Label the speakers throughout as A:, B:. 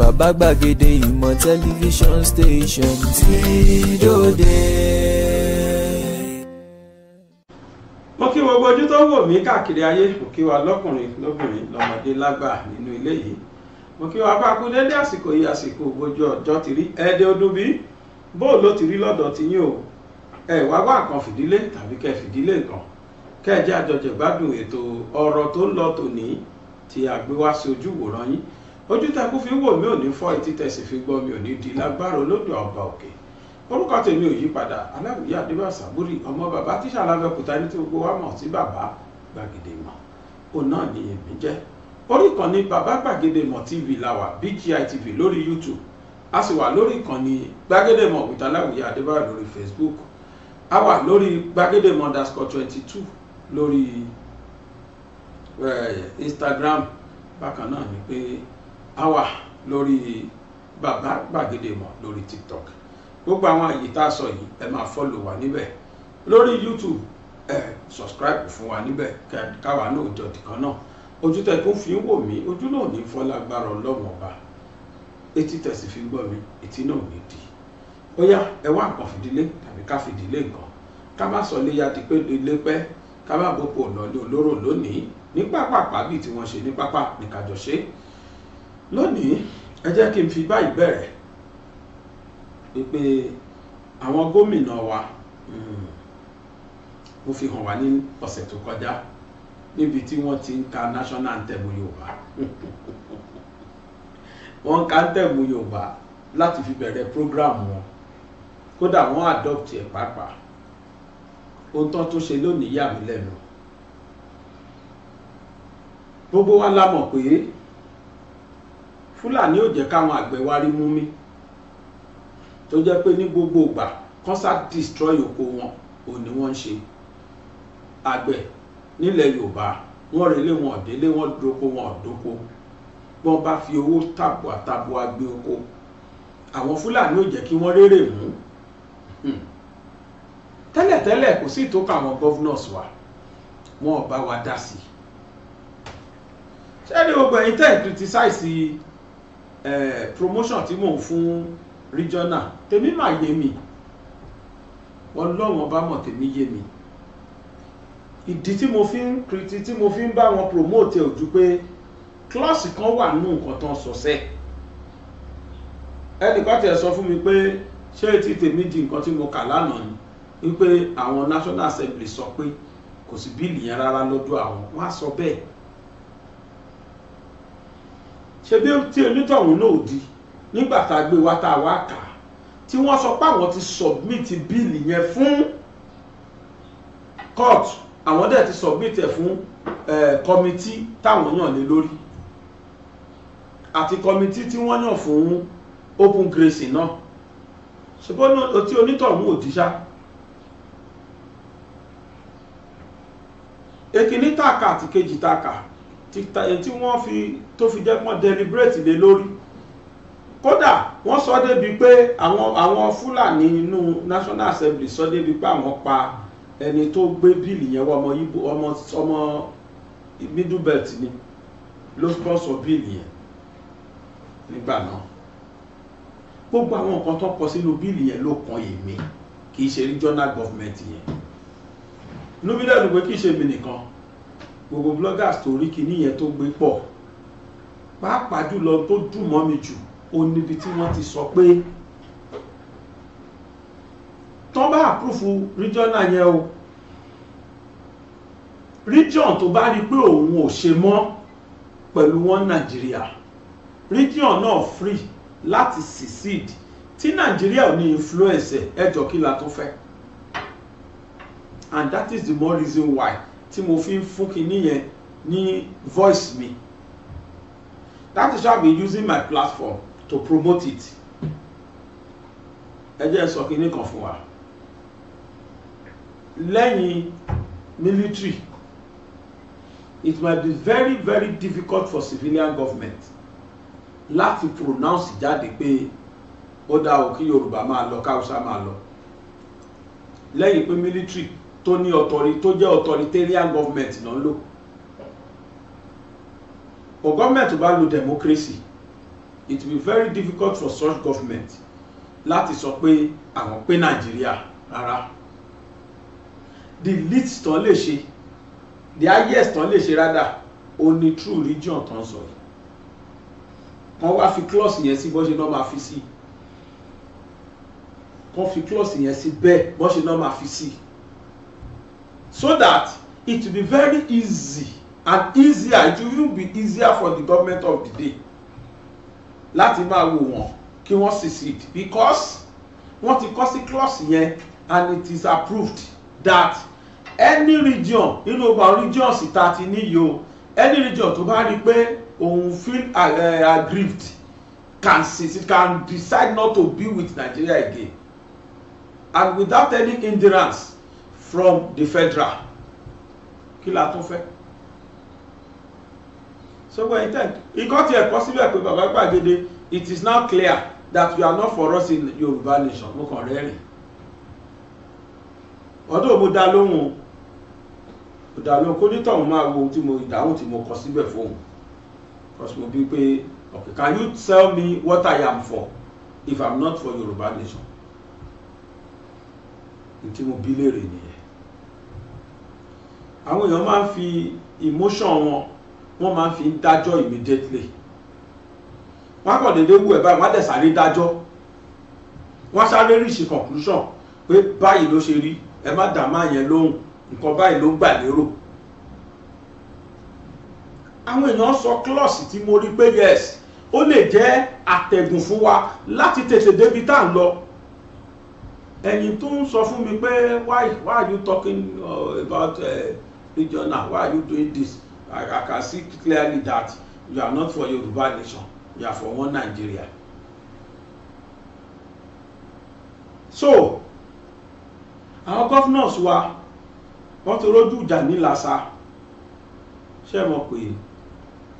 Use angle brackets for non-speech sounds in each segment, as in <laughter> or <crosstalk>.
A: bàbá gbàgede ìmọ̀ tẹlifíṣọ̀n station ti dòde.
B: mo kí gbogbo ojú tó wò mí káàkiri ayé mo kí wa lọ́kùnrin lóbìnrin lọ́mọdé lágbà nínú ilé yìí mo kí wa bá kú dédé àsìkò yìí àsìkò ògbójú ọjọ́ ti rí ẹ̀ẹ́dẹ́ ọdún bí bóò ló ti rí lọ́dọ̀ ti yín o ẹ wá wá nǹkan fìdílé tàbí kẹ fìdílé nǹkan kẹ àjọjẹ gbádùn ètò ọ̀rọ̀ tó ń lọ tòní tí a sí ojú wòran yín ojú tẹkú fi ń wò mí ò ní fọ́ etí tẹ̀sí fi gbọ́ mi ò ní di lágbára olódò ọba òkè orúkọ tèmi ò yí padà aláwìyé adébá sàbúrì ọmọ bàbá tíṣà lábẹ́kúta ní tí gbogbo wa mọ̀ sí bàbá gbàgede mọ̀ òun náà ni èmi jẹ́ orí ìkànnì bàbá gbàgede mọ̀ tv la wà BGI TV lórí youtube a sì wà lórí ìkànnì gbàgede mọ̀ with aláwìyé adébá lórí facebook a wà lórí gbàgede mọ̀ underscore twenty two lórí eh, instagram bákan náà ni pé a wà lórí bàbá gbàgede mọ̀ lórí tiktok gbogbo àwọn àyè tá a sọ yìí ẹ máa fọ́lò wa níbẹ̀ lórí youtube ẹ subscribe fún wa níbẹ̀ káwa náà jọ dìkan náà ojú tẹ kó fi ń wò mí ojú náà ní fọlágbára ọlọ́wọ́n ọba etí tẹ̀sí fi ń gbọ́ mi etí náà ní di ó yá ẹ wá nǹkan fìdílé tàbí ká fìdílé nǹkan ká má sọ léyà di pé ilé pẹ́ ká má bọ́pọ̀ ọ̀nà olóró lónìí ní pápá pàbí tí wọ́n ṣe ní pápá ní kájọ ṣe é lónìí ẹ jẹ́ kí n fi báyìí bẹ̀rẹ̀ wípé àwọn gómìnà wa hmm, ó fi hàn wá ní ọ̀sẹ̀ tó kọjá níbi tí wọ́n ti ń ka national anthem yorùbá wọ́n ń ka anthem yorùbá láti fi bẹ̀rẹ̀ program wọn kódà wọ́n adopt ẹ̀ pàápàá ohun tán tó ṣe lónìí yà mí lẹ́nu gbogbo wa la mọ̀ pé fúlàní ò jẹ́ káwọn àgbẹ̀ wa rí mú mi tó jẹ́ pé ní gbogbo ìgbà concert destroy oko wọn ò ní wọ́n ń ṣe àgbẹ̀ nílẹ̀ yorùbá wọ́n relé wọn ọ̀délé wọn dóko wọn ọ̀dóko wọ́n bá fi owó tàbùà tàbùà gbé oko àwọn fúlàní ò jẹ́ kí wọ́n rérè mú hmm. tẹ́lẹ̀tẹ́lẹ̀ kò sí ìtókò àwọn governors wa wọn bá wa dá sí ṣé ní gbogbo ẹ̀yin tẹ́ ẹ̀ criticize Eh, promotion tí mò ń regional temi mà yé mi ọlọ́run ọba mọ̀ tèmi yé mi ìdí tí mo fi ń kìrìtì tí mo fi ń bá wọn promote ẹ̀ ojú pé klọ́ọ̀sì kan wà nínú nǹkan tán sọ̀sẹ́ ẹnìkan tiẹ̀ sọ fún mi pé ṣé ti tèmi di nǹkan tí mo kà lánàá ni wípé àwọn National Assembly sọ pé kò sí bíìlì yẹn rárá lọ́dọ̀ àwọn wọ́n á sọ bẹ́ẹ̀ ṣe bí tí onítọ̀hún náà di nígbà tá a gbé wa tá a wá kà á tí wọ́n sọ pé àwọn ti submit bíìlì yẹn fún court àwọn dẹ̀ ti submit ẹ̀ fún kọmití táwọn yàn lé lórí àti kọmití tí wọ́n yàn fún open grazing náà ṣùgbọ́n tí onítọ̀hún ò di ṣá. èkìní tàkà àti kejì tàkà tí wọ́n fi tó fi jẹ́ pọ́n deliberate lé lórí kódà wọ́n sọ débi pé àwọn àwọn fúlàní nínú national assembly sọ débi pé àwọn pa ẹni tó gbé bíìlì yẹn wá ọmọ ibo ọmọ ọmọ middle belt ni ló sponsor bíìlì yẹn nígbà náà gbogbo àwọn nǹkan tó kọ sínú bíìlì yẹn ló kan èmi kì í ṣe regional government yẹn inú mi dẹ́nu pé kì í ṣe mi nìkan gbogbo bloggers tó rí kinní yẹn tó gbé pọ̀ pàápàá jùlọ tó dùn mọ́ mi jù ó níbi tí wọ́n ti sọ pé tán bá àpúrúfù regional yẹn o region tó bá rí pé òun ò ṣe mọ́ pẹ̀lú wọn nàìjíríà region náà free láti secede tí nàìjíríà ò ní influence ẹjọ́ kí la tó fẹ́ and that is the more reason why tí mo fi ń fún kinní yẹn ní voice mi that is why i been using my platform to promote it ẹ jẹ́ sọ kinní kan fún wa lẹ́yìn military it might be very very difficult for civilian government láti pronounce jáde pé ó dá o kí yorùbá máa lọ káwùsá máa lọ lẹ́yìn pé military tó ní ọ̀tọ̀rí tó jẹ́ authoritarian government náà ń lò for government to bá lo democracy it will be very difficult for such government láti sọ pé àwọn pé nàìjíríà rárá the least tán lè ṣe the highest tán lè ṣe rádà ó ní true religion tán sọ yìí kan wá fi clause yẹn sí bó ṣe náà máa fi sí kan fi clause yẹn sí bẹ́ẹ̀ bó ṣe náà máa fi sí so that it will be very easy and easier it will even be easier for the government of the day láti máa wò wọ́n kí wọ́n succeed because wọ́n ti kọ́ sí clause yẹn and it is approved that any region nínú ọgbà regions ta ti níyì o any region tó bá rí i pé òun feel uh, aggrieved can succeed can decide not to be with Nigeria again and without any hindrance from the federal kí la tún fẹ́ sọgbọ́n yìí tẹ́ǹk ikọ́ ti ẹ̀kọ́ síbẹ̀ pé bàbá gbàgede it is now clear that you are not for us in Yorùbá nation mo kàn rẹ́rìn ọdún mo dá lóhùn mo lóhùn kó nítorí máa wo ohun tí mo ìdáhùn tí mo kọ síbẹ̀ fóun because mo bí pé okay can you tell me what I am for if I am not for Yorùbá nation n tí mo bí léèrè nìyẹn àwọn èèyàn máa ń fi emotion wọn wọ́n máa ń fi dájọ́ immediately wọ́n á kàn déédé wú ẹ̀ báyìí wọ́n á dẹ̀ sáré dájọ́ wọ́n á sáré reach conclusion pé báyìí ló ṣe rí ẹ má dà máa yẹn lóhùn nǹkan báyìí ló gbà lérò àwọn èèyàn sọ klọ́ọ̀sì tí mo rí pé yes ó lè jẹ́ àtẹ̀gùn fún wa láti tètè débi tá à ń lọ ẹni tó ń sọ fún mi pé why why are you talking uh, about uh, regional why are you doing this I, I can see clearly that you are not for Yoruba nation you are for one Nigeria so our governors wa wọ́n ti rójú ìjà ní làṣà ṣé mọ̀ pé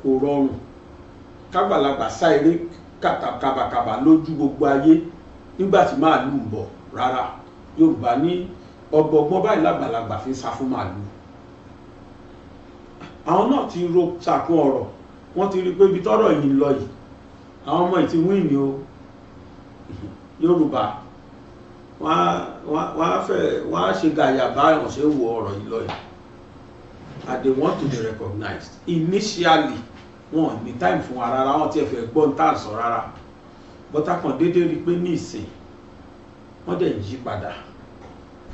B: kò rọrùn kágbàlagbà sá eré kàbàkàbà lójú gbogbo ayé nígbà tí màálù ń bọ̀ rárá Yorùbá ní ọgbọgbọn báyìí làgbàlagbà fi sá fún màálù àwọn náà ti ro sàkún ọ̀rọ̀ wọ́n ti rí pé ibi tọ́rọ̀ yìí lọ yìí àwọn ọmọ yìí ti wí ní o yorùbá wọ́n á fẹ́ wọ́n á ṣe gàyà báyọ̀ ṣe wo ọ̀rọ̀ yìí lọ yìí and they want to be recognized initially wọn ní time fún wa rárá wọn ti ẹ̀fẹ̀ gbọ́ ń tà sọ rárá bọ́tà kan déédéé rí i pé ní ìsìn wọ́n dẹ̀ ń yí padà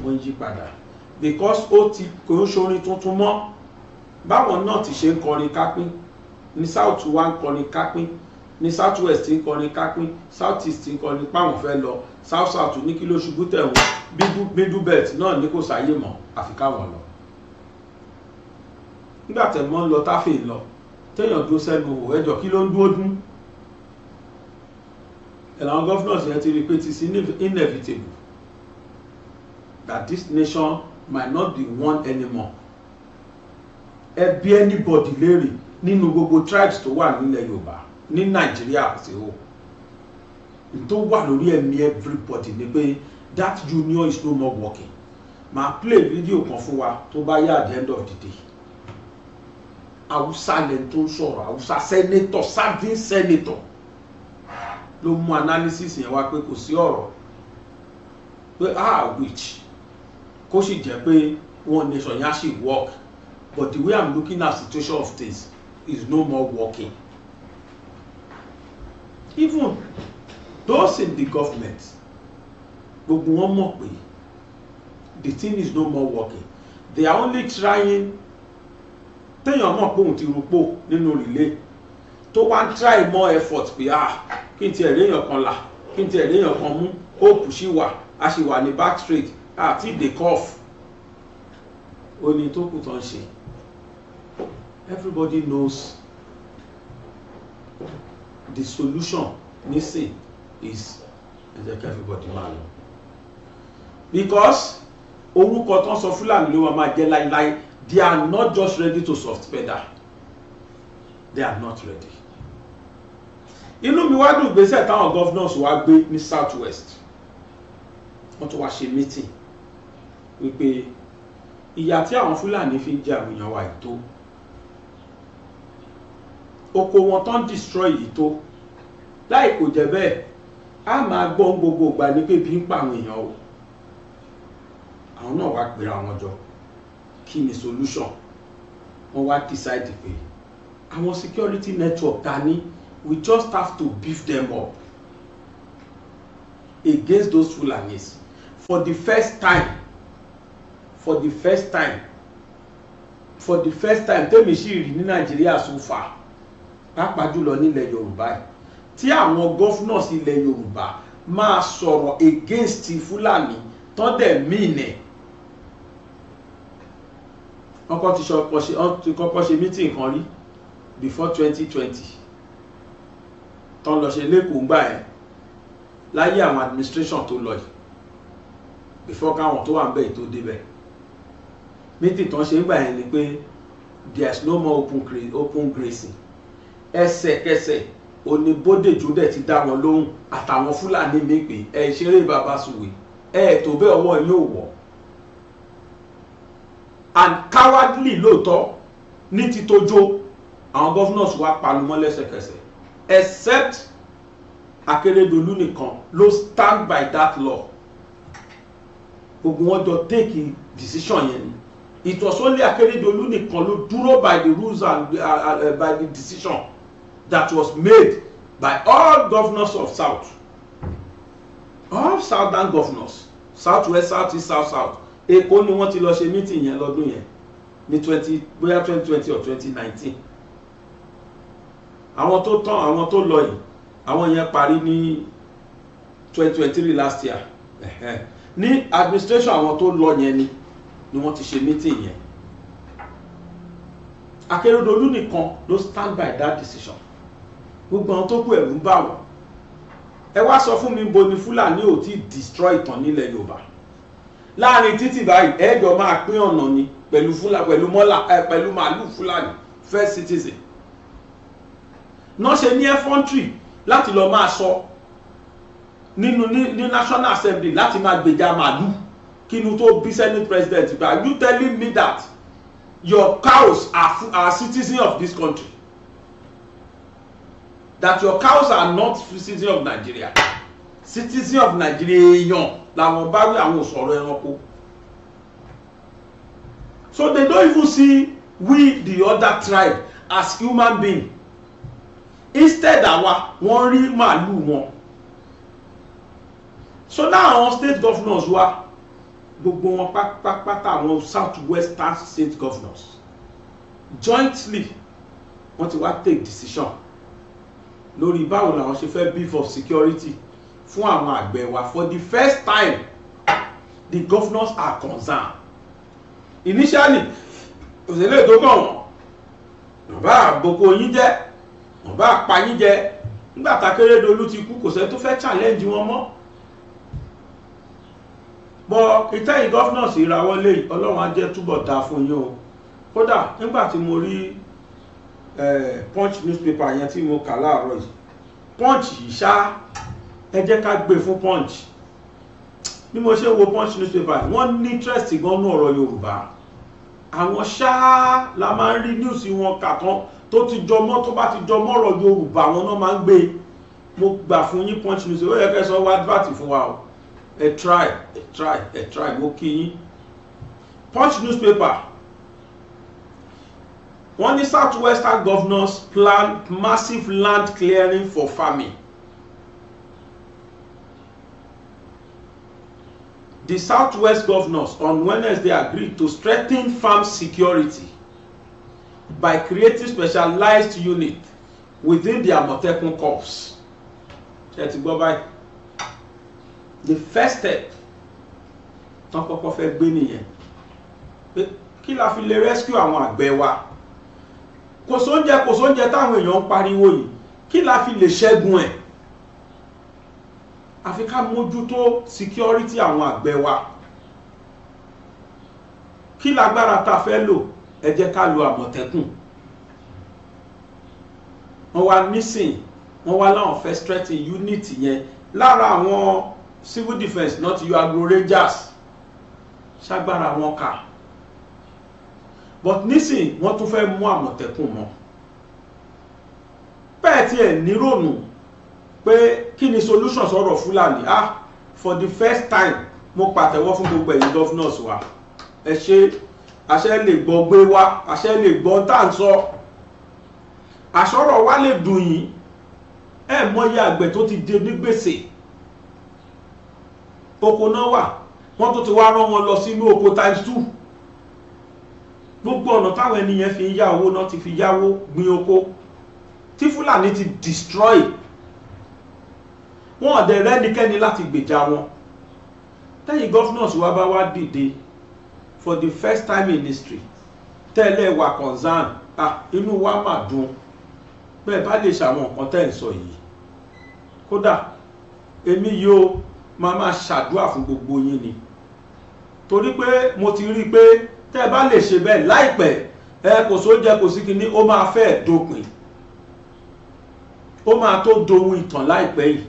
B: wọ́n ń yí padà because ó ti kò ń ṣorin tuntun mọ́ báwọn náà ti ṣe ń kọrin kápín ní south wa ń kọrin kápín ní south west ń kọrin kápín south east ń kọrin páwọn fẹ́ lọ south south ní kí ló ṣubú tẹ̀wọ̀n middle belt náà ní kò sáyé mọ́ àfi káwọn lọ nígbà tẹ̀ mọ́ ń lọ táfè lọ téèyàn dúró sẹ́nu wò ẹjọ́ kí ló ń dúró dún ẹ̀ làwọn governors yẹn ti rí i pé it's inevitable that this nation might not be one anymore ẹ bí anybody léèrè nínú gbogbo tribes tó wà nílẹ̀ yorùbá ní nàìjíríà àti o tó wà lórí ẹ̀mí everybody ni pé that union is no more working màá play video kan fún wa tó bá yá at the end of the day haúsá lẹni tó ń sọ̀rọ̀ haúsá senator serving senator ló mú analysis yẹn wá pé kò sí ọ̀rọ̀ pé ah which kó sì jẹ́ pé one nation yẹn á sì work But the way I'm looking at situation of things is no more working. Even those in the government, gbogbo wọn mọ̀ pé the thing is no more working. They are only trying téèyàn mọ̀ pé òun ti rúpò nínú relay tó wá ń try more effort pé ah kí n tiẹ̀ réèyàn kan là kí n tiẹ̀ réèyàn kan mú hope ṣì wà a ṣì wà ní back straight àti the cough Oni ní tó kù tó ṣe everybody knows the solution missing is ẹ everybody máa because orúkọ tán sọ fúlàní ló máa jẹ́ láíláí they are not just ready to soft pedal they are not ready inú mi wá dùn ìgbésẹ̀ táwọn governors wá gbé ní south west wọ́n tún wá ṣe meeting wípé ìyà tí àwọn fúlàní fi ń jẹ àwọn èèyàn wa ètò oko wọn tán destroy yìí tó láì kò jẹ́ bẹ́ẹ̀ a máa gbọ́ gbogbo ìgbà ní pé bí ń pa àwọn èèyàn o àwọn náà wá pera wọn jọ kí ni solution wọ́n wá decide pé àwọn security network ta ní we just have to beef them up against those Fulanis for the first time for the first time for the first time tẹ́mi sì rí ní Nàìjíríà so far pàápàá jùlọ nílẹ̀ yorùbá yìí tí àwọn gọ́fúnọ̀s ilẹ̀ yorùbá máa sọ̀rọ̀ against fúlàní tán dẹ̀ mìíràn ọkọ̀ ti kọ́kọ́ ṣe mítìn kan rí before 2020. twenty tán lọ ṣe lẹ́kọ̀ọ́ ńgbà yẹn láyé àwọn administration tó lọ yìí before káwọn tó wà ń bẹ̀ tó débẹ̀ mítìn tán ṣe ń gbà yẹn ni pé there is no more open, open grazing ẹsẹ̀kẹsẹ̀ òní bódèjú dẹ̀ ti dá wọn lóhùn àtàwọn fúlàní mi pé ẹ ṣeré bàbá sùwé ẹ tó bẹ́ẹ̀ ọwọ́ yín ò wọ̀ and cowardly lóòótọ́ ní ti tójó àwọn governors wa palumọ́ lẹ́sẹ̀kẹsẹ̀ except Akérédolú nìkan ló stand by that law gbogbo wọn jọ take decision yẹn ni it was only Akérédolú nìkan ló dúró by the rules and uh, uh, uh by the decision that was made by all governors of South. All southern governors, South West, south, East, south. South. Èkó ni wọ́n ti lọ ṣe meeting yẹn lọ́dún yẹn ní twenty bóyá twenty twenty or twenty nineteen. Àwọn tó tán àwọn tó lọ yìí àwọn yẹn parí ní twenty twenty three last year. Ní administration àwọn tó lọ yẹn ni ni wọ́n ti ṣe meeting yẹn. Akérédolú nìkan ló stand by that decision gbogbo àwọn tó kù ẹ̀rù ń bà wọ́n ẹ wá sọ fún mi bo ni fúlàní ò tí destroy ìtàn nílẹ̀ yorùbá láàrin títì báyìí ẹ̀jọ̀ máa pín ọ̀nà ni pẹ̀lú pẹ̀lú mọ́là pẹ̀lú màálù fúlàní first citizen náà ṣe ní ẹfọ́ntì láti lọ máa sọ nínú ní national assembly láti máa gbèjà màálù kí inú tó bí senate president gba you telling me that your cows are, are citizens of this country that your cows are not citizen of Nigeria citizen of Nigeria èèyàn làwọn bá wí àwọn òsòrò ẹranko so they don't even see we the other tribe as human being instead àwa wọ́n rí màálù wọn so now àwọn state governors wa gbogbo wọn pátápátá àwọn south western state governors jointly wọ́n ti wá take decision lórí báwo làwọn ṣe fẹ́ beef of security fún àwọn àgbẹ̀ wa for the first time the governors are concerned initially òṣèlú ètò kàn wọ́n bàbá àbòkò yín jẹ́ bàbá àpá yín jẹ́ nígbà t'Akérédolú ti kú kò sẹ́ tó fẹ́ challenge wọn mọ́ bọ́ ìtẹ́yìn gọ́fúnà sí ìrawọ́lé ọlọ́run á jẹ́ túbọ̀ dáa fún yín o kódà nígbà tí mo rí punch newspaper yẹn tí mo kà láàárọ̀ yìí punch yìí ṣá ẹ jẹ́ ká gbé e fún punch bí mo ṣe wo punch newspaper wọ́n ní interest gan ní ọ̀rọ̀ yorùbá àwọn ṣáá la máa ń rí news wọn kà tán tó ti jọmọ́ tó bá ti jọmọ́ ọ̀rọ̀ yorùbá wọn náà máa ń gbé mo gbà fún yín punch newspaper. ó yẹ kẹ́ sọ wá advert fún wa o ẹ try ẹ try ẹ try mo kí yín punch newspaper wọ́n ní southwestern governors plan massive land clearing for farming the southwest governors on wednesday agreed to strengthen farm security by creating specialized unit within the amotekun corps ṣe ti gbọ́ báyìí the first step tán kọ́kọ́ fẹ́ gbé nìyẹn pé kí la fi lè rescue àwọn àgbẹ̀ wa kò sóúnjẹ kò sóúnjẹ táwọn èèyàn ń pariwo yìí kí la fi lè ṣẹ́gun ẹ̀ àfi ká mójútó security àwọn àgbẹ̀ wa kí lágbára ta fẹ́ lò ẹ jẹ́ ká lo àmọ̀tẹ́kùn wọ́n wá nísìn wọ́n wá láwọn fẹ́ strengthen unit yẹn lára àwọn civil defence not ti yọ agro rangers ṣágbára wọn kà but nísìn wọ́n tún fẹ́ mú àmọ̀tẹ́kùn mọ́ bẹ́ẹ̀ tiẹ̀ nírònú pé kí ni solution sọ̀rọ̀ fúlàní ah for the first time mo pàtẹ́wọ́ fún gbogbo ẹ̀yin governors wa ẹ ṣe àṣẹ lè gbọ́ gbé wá àṣẹ lè gbọ́ tá à ń sọ àṣọrọ̀ wa lè dùn yín ẹ mọyì àgbẹ̀ tó ti dé ní gbèsè oko náà wà wọ́n tó ti wá rán wọn lọ sínú oko times two gbogbo ọ̀nà táwọn ẹni yẹn fi ń yá owó náà ti fi yáwó gbin oko tí fúlàní ti destroy wọn ọ̀dẹ̀ rẹ́nikẹ́ni láti gbèjà wọn tẹ́yìn governors wa bá wá dìde for the first time in history tẹ́lẹ̀ wà concern ah inú wa mà dùn bẹ́ẹ̀ bá lè ṣàwọn nǹkan tẹ́ ń sọ yìí kódà èmi yóò máa máa ṣàdúrà fún gbogbo yín ni torí pé mo ti rí i pé tẹ́ ẹ bá lè ṣe bẹ́ẹ̀ láìpẹ́ ẹ kò sóúnjẹ kò sí kinní ó máa fẹ́ dópin ó máa tó dohun ìtàn láìpẹ́ yìí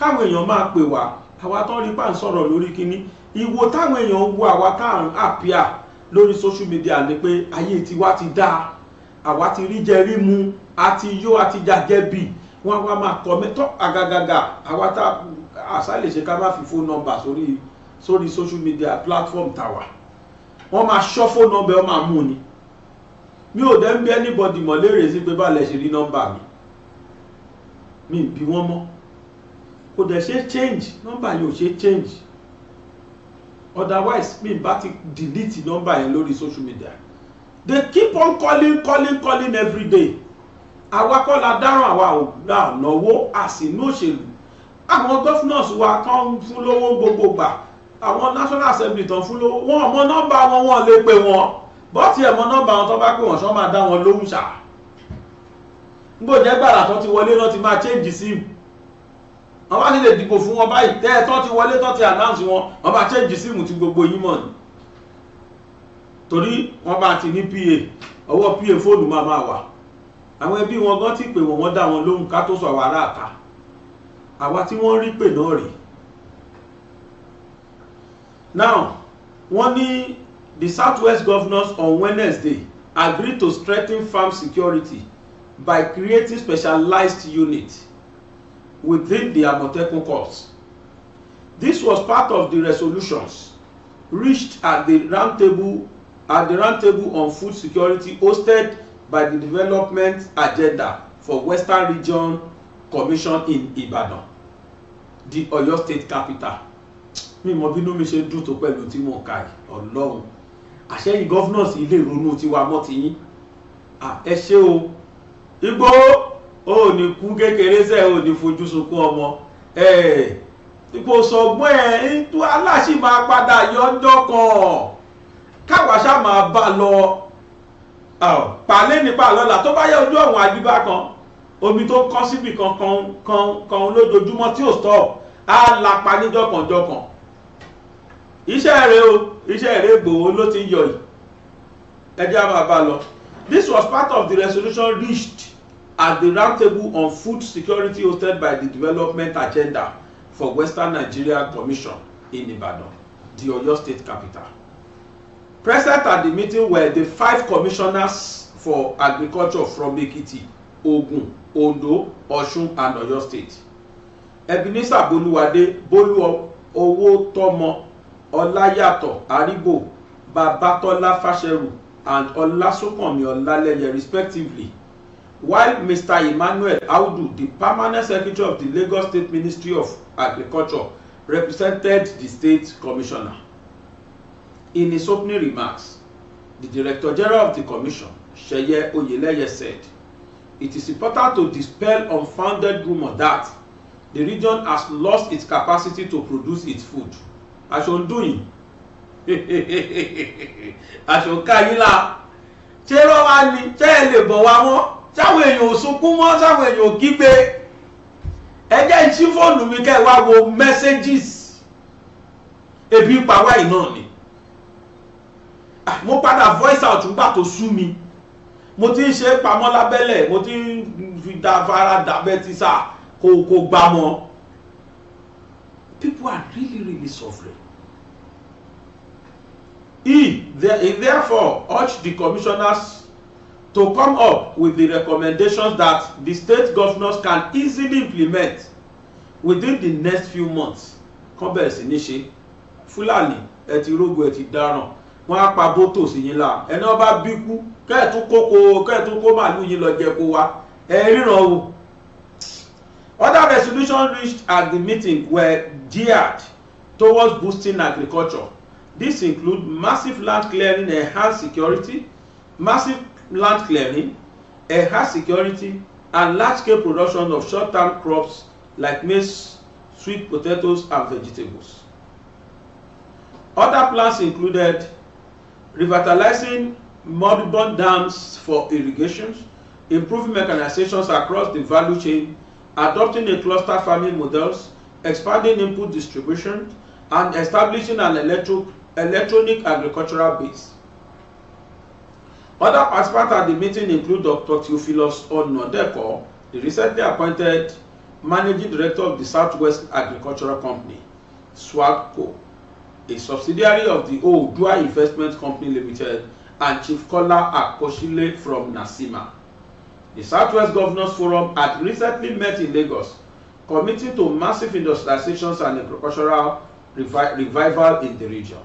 B: káwọn èèyàn máa pè wá àwa tán rí bá ń sọ̀rọ̀ lórí kinní ìwò táwọn èèyàn wo àwa tá à ń lórí social media ni pé ayé tiwa ti dáa àwa ti rí jẹ rí mu àti yó àti jàjẹ bì wọn wá máa kọ mẹtọ àgàgàgà àwa tá àṣà lè ṣe ká má fi fóònù nọ́mbà sórí sórí social media platform tàwa wọ́n máa ṣọ́ fóònù nọ́mbà wọ́n máa mú ni mi ò dẹ́ ń bí anybody mọ̀ léèrè sí pé báàlẹ̀ ṣe rí nọ́mbà mi mi ì bí wọ́n mọ́ kò dẹ̀ ṣe change nọ́mbà yẹn ò ṣe change otherwise mi bá ti delete nọ́mbà yẹn lórí social media they keep on calling calling calling every day àwa kọ́ la dáràn àwa ò gbà náwó àsìnú òṣèlú àwọn governors wa kan ń fún lówó gbogbo gbà àwọn national assembly tán fún lówó wọn ọmọ nọ́mbà wọn wọn lè pè wọn bọ́ọ̀tì ẹ̀mọ nọ́mbà wọn tó bá pè wọ́n sọ máa dá wọn lóhùn ṣá níbo jẹ́ gbàrà tó ti wọlé náà ti máa change sim wọ́n bá nílè dìbò fún wọn báyìí tẹ́ ẹ tó ti wọlé tó ti announce wọn wọ́n bá change sim ti gbogbo yín mọ̀ ni torí wọ́n bá ti ní pa ọwọ́ pa fóònù máa máa wà àwọn ẹbí wọn gan ti pè wọ́n wọ́n dá wọn lóhùn ká tó sọ àwa aráàta àwa tí wọ́n rí pè náà rèé now wọ́n ní the southwest governors on wednesday agreed to strengthen farm security by creating specialized units within the Amotekun Corps. This was part of the resolutions reached at the roundtable at the roundtable on food security hosted by the Development Agenda for Western Region Commission in Ibadan, the Oyo State capital mi mọ bínú mi ṣe dùn tó pẹ̀lú tí mo kà yìí ọlọ́run àṣẹyìn gọ́fúnọ̀sì ilé ìrònú tiwa mọ́ ti yín ẹ ṣe o igbó o ò ní kú kékeré sẹ o ò ní fojú sunkún ọmọ ipò sọgbọ́n ẹ̀ ń tó aláṣì máa padà yọjọ́ kan káwa ṣá máa bá lọ pàlẹ́ nípa lọ́la tó bá yẹ ojú ọ̀hún àdìbá kan omi tó kán síbì kan kan lójoojúmọ́ tí ò stop á la pa níjọ́kànjọ́kàn iṣẹ́ rẹ̀ o iṣẹ́ rẹ̀ Ìgbòho ló ti ń yọ yìí ẹjẹ́ a máa bá lọ this was part of the resolution reached at the roundtable on food security hosted by the development agenda for western nigeria commission in ibadan the oyo state capital present at the meeting were the five commissioners for agriculture from ekiti ogun ondo osun and oyo state ebenezer boluwade bolu owótọ́mọ ọláyàtọ̀ àrígbò babatola fàṣẹrù and ọlásùnkànmí ọlálẹyẹ respectively while mr emmanuel audu the permanent secretary of the lagos state ministry of agriculture represented the state commissioner in his opening remarks the director general of the commission Sheye Oyeleye said it is important to dispel unfounded rumour that the region has lost its capacity to produce its food aṣọ ń dùn yìí aṣọ káyí la ṣé rọ́wá ni ṣé ẹ lè bọ̀ wá mọ́ sáwọn èèyàn ò sunkún mọ́ sáwọn èèyàn ò kígbe ẹ jẹ́ ń ṣí fóònù mi kẹ́ ẹ wá wo messages ebi pa wáyé náà ni ah, mo padà voice out nígbà tó sú mi mo ti ń ṣe é pamọ́ lábẹ́lẹ̀ mo ti ń fi da fara dàbẹ́ ti sà kò kò gbà mọ́ people are really really suffering He, he therefore urged the commissioners to come up with the recommendations that the state governors can easily implement within the next few months kan bẹ̀rẹ̀ sí ní ṣe fúlàní ẹ ti rógo ẹ ti dáràn wọn á pa bótò sí yín la ẹni wọn bá bí kú kẹ́ẹ̀tún kókó kẹ́ẹ̀tún kó màálù yín lọ jẹ kó wa ẹ ríran o. Other resolutions reached at the meeting were geared towards boosting agriculture This include massive land clearing, enhanced security, massive land clearing, enhanced security, and large-scale production of short-term crops like maize, sweet potatoes, and vegetables. Other plans included revitalizing mudbound dams for irrigation, improving mechanizations across the value chain, adopting a cluster farming models, expanding input distribution, and establishing an electric electronic agricultural base. Other participants at the meeting include Dr. Theophilus Onodeko, the recently appointed Managing Director of the Southwest Agricultural Company, SWAGCO, a subsidiary of the Oodua Investment Company Limited, and Chief Kola Akoshile from Nasima. The Southwest Governors Forum had recently met in Lagos, committing to massive industrializations and agricultural revi revival in the region.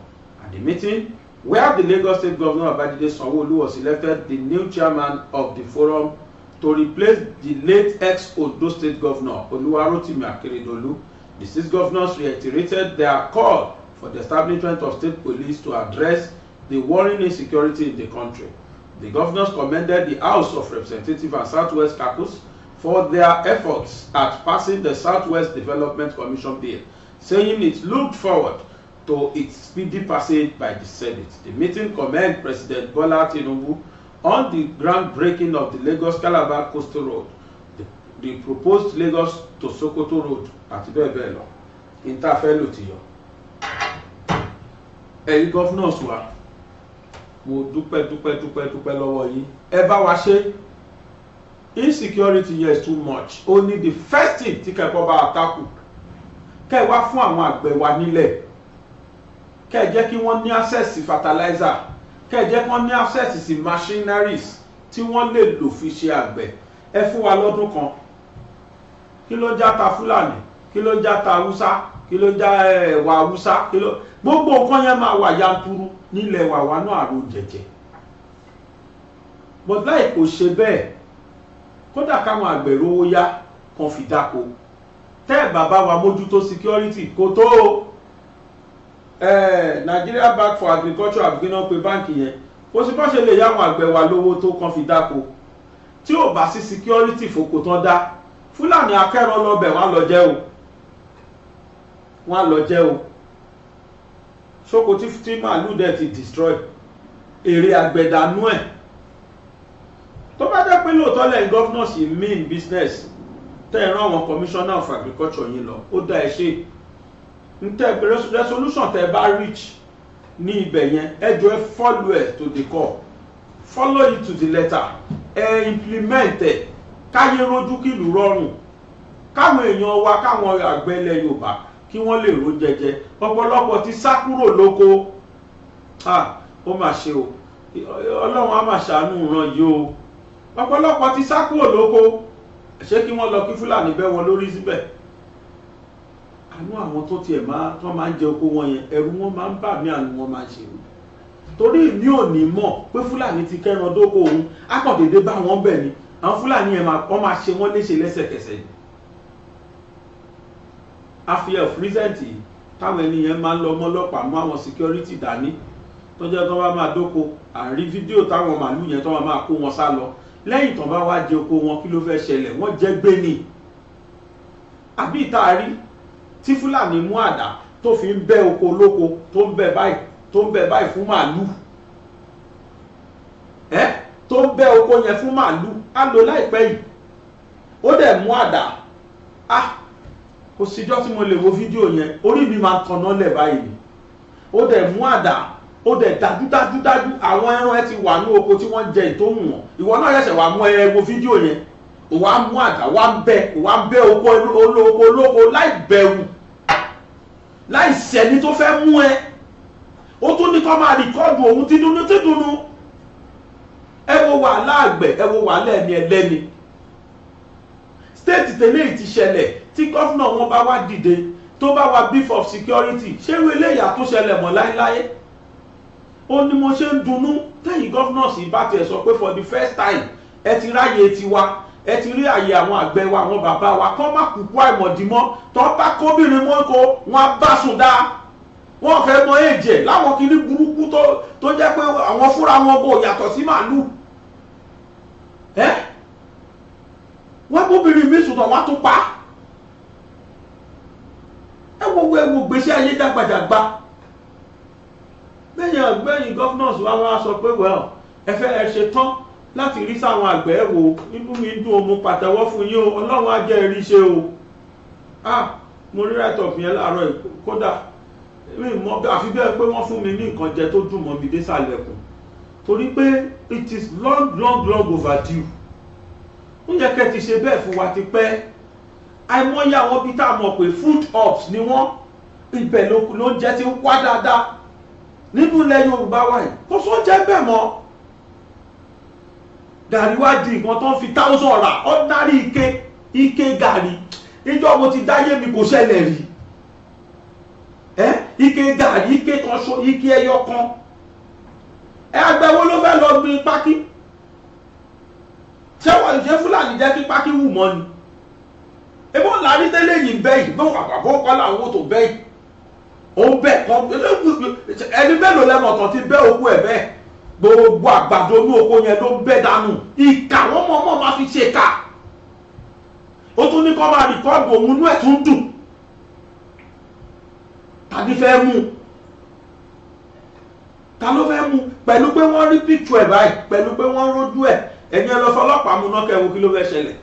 B: At the meeting, where the Lagos State Governor Babajide Sanwo-Olu was elected the new chairman of the forum to replace the late ex-Ondo State Governor Oluwarotimi Akeredolu, the six governors reiterated their call for the establishment of state police to address the worrying insecurity in the country. The governors commended the House of Representatives and Southwest Caucus for their efforts at passing the Southwest Development Commission bill, saying it looked forward to its speedy passage by the Senate. The meeting commended President Bola Tinubu on the groundbreaking of the Lagos-Calabar Coastal Road, the, the proposed Lagos to Sokoto Road àti bẹ́ẹ̀ bẹ́ẹ̀ lọ. Interfell ti yọ. Ẹ̀yin governors wa, mo dúpẹ́ dúpẹ́ dúpẹ́ dúpẹ́ lọ́wọ́ yín. Ẹ bá wa ṣe insecurity here is too much. Only the first thing tí kẹ́kọ̀ọ́ bá a takù. Kẹ́ ẹ wá fún àwọn àgbẹ̀ wa nílẹ̀ kẹ́ ẹ̀ jẹ́ kí wọ́n ní access sí fertilizer kẹ́ ẹ̀ jẹ́ kí wọ́n ní access sí machineries tí wọ́n lè lò fi ṣe àgbẹ̀ ẹ fún wa lọ́dún kan kí ló já ta fúlàní kí ló já ta haúsá kí ló já eh, ẹ̀wà haúsá kí ló gbogbo nǹkan yẹn máa wà yanturu nílẹ̀ wàwá náà àrùn jẹ̀jẹ̀ bọ́dá èkó ṣe bẹ́ẹ̀ kódà káwọn àgbẹ̀ rówó yá kan fi dáko tẹ́ bàbá wa mójútó security kò tó o eh, Nigeria Bank for Agriculture àgbéná pé báǹkì yẹn kò sí bọ́sẹ̀ lè yáwọn àgbẹ̀ wa lówó tó kàn fi dáko tí ò bá sí security fòkò tán dá Fúlàní akẹ́rọ̀ lọ́bẹ̀ wọ́n á lọ jẹ́ o wọ́n á lọ jẹ́ o ṣoko tí tí màálù dẹ̀ ti destroy èrè àgbẹ̀dànú ẹ̀ tó bá jẹ́ pé lóòótọ́ lẹ́yìn gọ́fúnà sí mean business tẹ́ ẹ̀ rán àwọn commissioner of agriculture yìí lọ ó dá ẹ ṣe ntẹ resolution tẹ bá reach ní ibẹ̀ yẹn ẹ follow ẹ to the core follow it to the letter ẹ implement ẹ káyé rojú kìlú rọrùn káwọn èèyàn wa káwọn àgbẹ̀ ilẹ̀ Yorùbá kí wọ́n lè ro jẹjẹ ọ̀pọ̀lọpọ̀ ti sá kúrò lóko ó mà ṣe o Ọlọ́run á mà ṣàánú ràn yìí o ọ̀pọ̀lọpọ̀ ti sá kúrò lóko ṣé kí wọ́n lọ kí Fúlàní bẹ́ wọn lórí síbẹ̀. Si àánú àwọn tó tiẹ̀ máa tó máa ń jẹ oko wọn yẹn ẹ̀rù wọn máa ń bà mí àánú wọn máa ń ṣe mí torí mi ò ní mọ̀ pé fúlàní ti kẹ́ran dóko òun á kàn déédéé bá wọn bẹ̀ ni àwọn fúlàní yẹn wọ́n máa ṣe wọ́n léṣe lẹ́sẹ̀kẹsẹ̀ yìí àfihàn fúrísẹ́ǹtì táwọn ènìyàn máa ń lọ mọ́lọ́pàá mú àwọn security dání tó jẹ́ tó bá máa dóko àrí fídíò táwọn màálù yẹn tó máa kó wọn sá lọ lẹ́yìn tó bá wá jẹ oko wọn kí ló fẹ́ ṣẹlẹ̀ wọ́n jẹ́ gbé ni àbí ìtaari tí fúlàní mú àdá tó fi ń bẹ́ oko olóko tó ń bẹ́ báyìí tó ń bẹ́ báyìí fún màálù ẹ tó ń bẹ́ oko yẹn fún màálù á lò láìpẹ́ yìí ó dẹ̀ mú àdá á ah, kò síjọ́ tí mo lè wo fídíò yẹn orí mi máa tanná lẹ̀ báyìí ni ó dẹ̀ mú àdá ó dẹ̀ dájúdájúdájú àwọn ẹran ẹ ti wà ní oko tí wọ́n jẹ ìtòhùn wọn ìwọ náà ṣẹ̀ṣẹ̀ wà mú ẹ wo fídíò yẹn òwà mú àdá wà ń bẹ òwà ń bẹ oko olóko láì bẹ̀rù láì sẹ́ni tó fẹ́ mú ẹ ó tún ní kó máa rìkọ́ọ̀dù òun tí dunu tí dunu ẹ wo wàhálà àgbẹ̀ ẹ wo wàhálà ẹni ẹlẹ́ni state tẹ́lẹ̀ ti ṣẹlẹ̀ tí gọ́fúnà wọn bá wá dìde tó bá wá beef of security ṣé irú eléyà tó ṣẹlẹ̀ mọ́ láéláé ó ní mo ṣe ń dunnú tẹ́yìn gọ́fúnà sì bá tiẹ̀ sọ pé for the first time ẹ ti ráyè tiwa ẹ ti rí àyè àwọn àgbẹ̀ wa àwọn bàbá wa kọ́ má kúkú àìmọ̀dìmọ́ tó bá kóbìnrin mọ́ ko wọn bá sùn dáa wọ́n fẹ́ mọ èjẹ̀ láwọn kìíní burúkú tó jẹ́ pé àwọn fúnra wọn kò yàtọ̀ sí màálù ẹ́ wọ́n bóbìnrin mi sùn náà wọ́n á tún pa ẹ wo wo ewu gbèsè ayé dàgbàdàgbà lẹ́yìn ọ̀gbẹ́yìn governors wa wọ́n á sọ pé well ẹ fẹ́ ẹ ṣe tán láti rí sáwọn àgbẹ̀ wo inú mi dùn o mo pàtẹ́wọ́ fún yín o ọlọ́run á jẹ́ ẹ̀rí ṣe o ah mo rí right of yẹn láàárọ̀ kódà mi mọ àfi bẹ́ẹ̀ pé wọ́n fún mi ní nǹkan jẹ tó dùn mọ́ mi dé sàlẹ̀kùn torí pé it is long long long overdue ń yẹ kẹ́ ti ṣe bẹ́ẹ̀ fún wa ti pẹ́ àìmọye àwọn bíi tá a mọ̀ pé food ups ni wọ́n ibẹ̀ ló ń jẹ́ ti ń wá dáadáa nínú ilẹ̀ Yorùbá wa yìí kò sóúnjẹ bẹ́ẹ̀ mọ́ gàrí wá di nǹkan tó ń fi thousand ra ordinary ike ike gàrí níjọ́ mo ti dáyé mi kò ṣẹlẹ̀ rí ẹ ike gàrí ike kan so ike ẹyọ kan ẹ agbẹ̀wò ló fẹ́ lọ gbin pákí ṣé wọ́n ṣe fúlàní jẹ́ kí pákí wù mọ́ ni ebó ńlá rí tẹ́lẹ̀ yìí bẹ́ẹ̀ yìí bẹ́ẹ̀ wàgbà bó kọ́ làwọn ò tó bẹ́ẹ̀ yìí òun bẹ́ẹ̀ kan ẹni bẹ́ẹ̀ ló lẹ́nu ọ̀tàn ti bẹ́ẹ̀ òkú ẹ̀ bẹ́ẹ̀ gbogbo àgbàdo inú oko yẹn ló bẹ́ dànù ìka wọn mọ ọmọ máa fi ṣe ká ó tún ní kọ́ máa rìkọ́ọ̀dù òun inú ẹ̀ tún dùn tàbí fẹ́ mú ta ló fẹ́ mú pẹ̀lú pé wọ́n rí píktù ẹ̀ báyìí pẹ̀lú pé wọ́n rójú ẹ̀ ẹ̀yin ẹ lọ fọlọ́pàá mú náà kẹwo kí ló fẹ́ ṣẹlẹ̀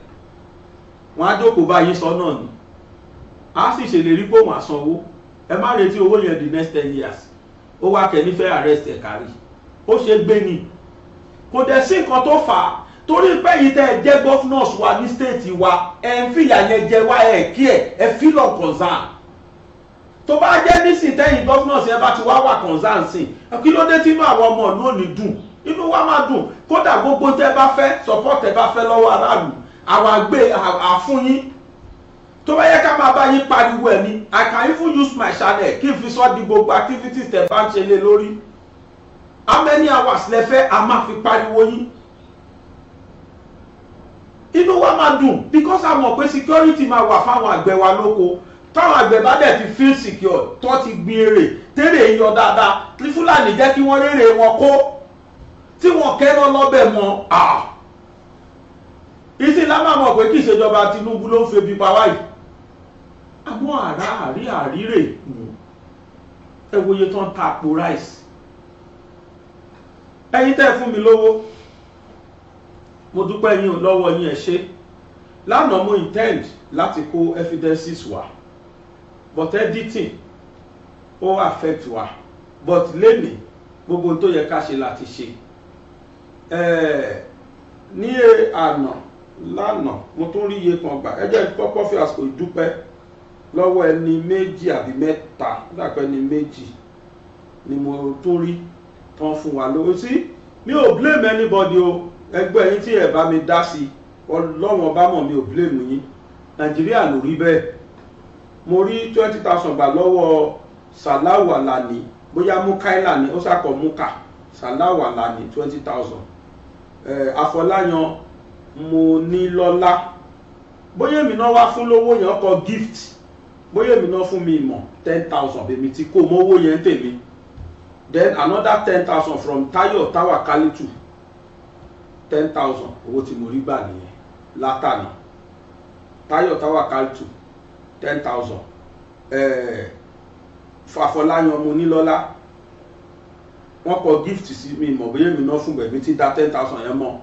B: wọ́n á jókòó báyìí sọ náà ni a sì ṣèlérí pé òun àsanwó ẹ má retí owó yẹn the next ten years ó wá kẹ́ nífẹ̀ẹ́ arrest ẹ̀ kárí ó ṣe gbé ni kò dẹ̀ sí nǹkan tó fà á torí pé yìí tẹ́ ẹ jẹ́ governors wa ní state wa ẹ ń fìyà yẹn jẹ wá ẹ kí ẹ ẹ feel of concern tó bá jẹ́ nísìn tẹ́yìn governors yẹn bá ti wá wà concern sí kí ló dé tí àwọn ọmọ náà ní dùn inú wa máa dùn kódà gbogbo tẹ́ bá fẹ́ support tẹ́ bá fẹ́ lọ́wọ́ aráàlú àwọn àgbẹ̀ àfúnyín tó bá yẹ ká máa bá yín pariwo ẹ̀ ni I can even use my channel kí n fi sọ́ di gbogbo activities tẹ̀ bá ń ṣe lé lórí how many hours lẹ fẹ́ a máa fi pariwo yín inú wa máa dùn because a mọ̀ pé security máa wà fáwọn àgbẹ̀ wa lóko táwọn àgbẹ̀ bá dẹ̀ ti feel secure tó ti gbin èrè tẹ́rẹ̀ yọ dáadáa ní fúlàní jẹ́ kí wọ́n rèrè wọn kó tí wọ́n kẹ́rọ lọ́bẹ̀ mọ́ à ìsìn lámà mọ̀ pé kí ìṣèjọba Tinubu ló ń febi pa wáyìí àmọ́ àrá àrí àrírè ẹ wòye tán ta àpò rice ẹ̀yin tẹ́ fún mi lówó mo dúpẹ́ yín lọ́wọ́ yín ẹ ṣé lánàá mo intend láti kó evidences wá but editing ó affect wá but lénìí gbogbo tó yẹ ká ṣe láti ṣe ní àná lánàá mo tún rí iye kan gbà ẹ jẹ́ kọ́kọ́ fi àsìkò ìdúpẹ́ lọ́wọ́ ẹni méjì àbí mẹ́ta dàpẹ́ ẹni méjì ni mo tún rí tán fún wa lówó sí mi ò blame anybody o ẹgbẹ́ yín tí ẹ bá mi dá sí ọlọ́wọ́n bá mọ̀ mi ò blame yín nàìjíríà ló rí bẹ́ẹ̀ mo rí twenty thousand gbà lọ́wọ́ Salawu Alani bóyá mukaila ni ó sàkọ muka Salawu Alani twenty thousand Afọláyan mo ní lọ́lá bóyá èmi náà wá fún lówó yẹn ọkọ̀ gift bóyá èmi náà fún mi mọ̀ ten thousand bèmi tí kò mọ owó yẹn tèmi then another ten thousand from Tayo Tawakalitu ten thousand owó tí mo rí gbà nìyẹn látànà Tayo Tawakalitu ten thousand ẹ̀ẹ́ eh, Fàfọláyan Ọmọnílọ́lá wọ́n kọ gift sí mi mọ̀ bóyá èmi náà fún bẹ̀mí tí dá ten thousand yẹn mọ́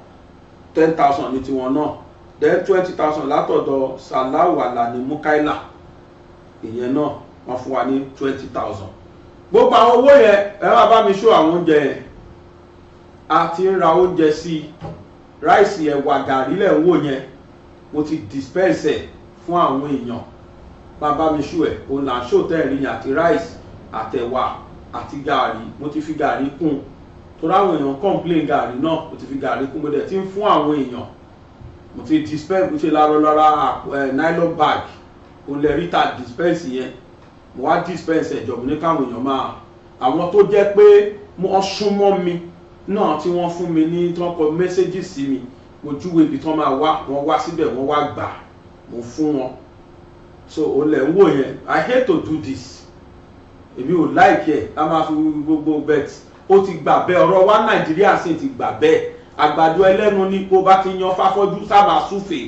B: ten thousand ní tiwọn náà then twenty thousand látọ̀dọ̀ Salawu Alani Mukaila ìyẹn náà wọ́n fún wa ní twenty thousand gbogbo àwọn owó yẹn ẹ wá bá mi ṣó àwọn oúnjẹ yẹn a ti ń ra oúnjẹ sí i ráìsì ẹ̀wà gàrí lẹ̀ yẹn mo ti dispense ẹ̀ fún àwọn èèyàn bàbá mi ṣó ẹ̀ òun là ń ṣó tẹ́ẹ̀rí yẹn àti ráìsì àtẹ̀wà àti gàrí mo ti fi gàrí kún torí àwọn èèyàn complain gàrí náà mo ti fi gàrí kún mo dẹ̀ ti ń fún àwọn èèyàn mo ti dispense mo ṣe lárọ́lára eh, nylon bag òun lè rí ta dispense yẹn mo wá dispense ẹ̀jọ̀ mi ní káwọn èèyàn máa àwọn tó jẹ́ pé wọ́n súnmọ́ mi náà tí wọ́n fún mi ní tí wọ́n kọ mẹ́sẹ́gì sí mi mo júwe ibi tí wọ́n máa wá wọ́n wá síbẹ̀ wọ́n wá gbà mo fún wọn so ó lẹ̀ ń wò yẹn i hate to do this èmi ò like ẹ̀ a máa fi gbogbo bet ó ti gbà bẹ́ẹ̀ ọ̀rọ̀ wa nàìjíríà sì ti gbà bẹ́ẹ̀ àgbàdo ẹlẹ́nu ni kó bá ti yan fáfọ́jú sábà súfèé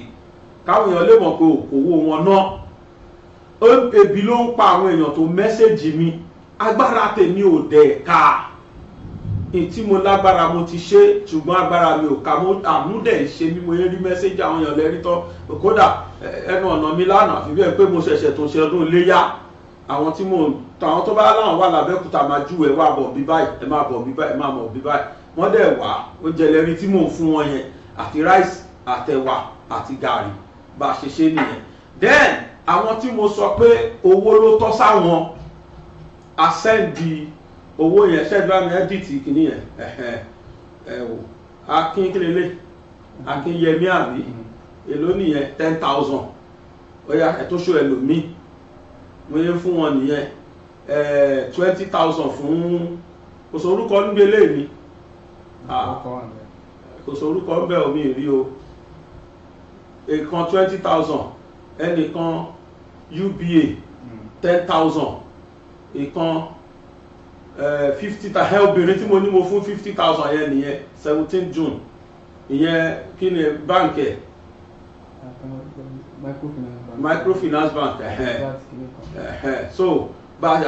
B: káwọn èèyàn lè mọ̀ pé òkòwò wọn náà ebi ló ń pa àwọn èèyàn tó mẹ́sẹ̀jì mi agbára tèmi ò dẹ̀ ká tí mo lágbára mo ti ṣe ṣùgbọ́n agbára mi ò ká mo àmúdẹ̀ ṣe mi mo yẹ rí mẹ́sẹ̀jì àwọn èèyàn lẹ́rí tán kódà ẹnu ọ̀nà mi lánàá fi bẹ́ẹ̀ pé mo ṣẹ̀ṣẹ̀ tó ṣe ọdún iléyá àwọn tí mo tàwọn tó bá láwọn wà lábẹ́kúta máa jú ẹ̀ wá bọ̀ bí báyìí ẹ máa bọ̀ bí báyìí ẹ máa mọ̀ bí báyìí wọ́n dẹ̀ wá oúnjẹ lẹ́rí tí mò fún wọn yẹn àti ráìsì àtẹ̀wà àti gàrí bá a ṣe ṣe nìyẹn then àwọn tí mo sọ pé owó ló tọ́ sáwọn àsẹ́ǹdì owó yẹn ṣẹ́dúrà mi ẹ́dìtì kìíní yẹn ẹ wò akin kílélẹ̀ akin yẹmí àbí èló nìyẹn ten thousand ó yá ẹ tó ṣó ẹlòmíì mo yẹ fún wọn nìyẹn twenty thousand fún kò sọ orúkọ níbi eléyìí kò sọ orúkọ ń bẹ omi ìrí o nǹkan twenty thousand ẹnìkan uba ten thousand ìkan fifty thousand obìnrin tí mo ní mo fún fifty thousand yẹn nìyẹn seventeen june ìyẹn kí ni bank. ẹ̀ microfinance bank so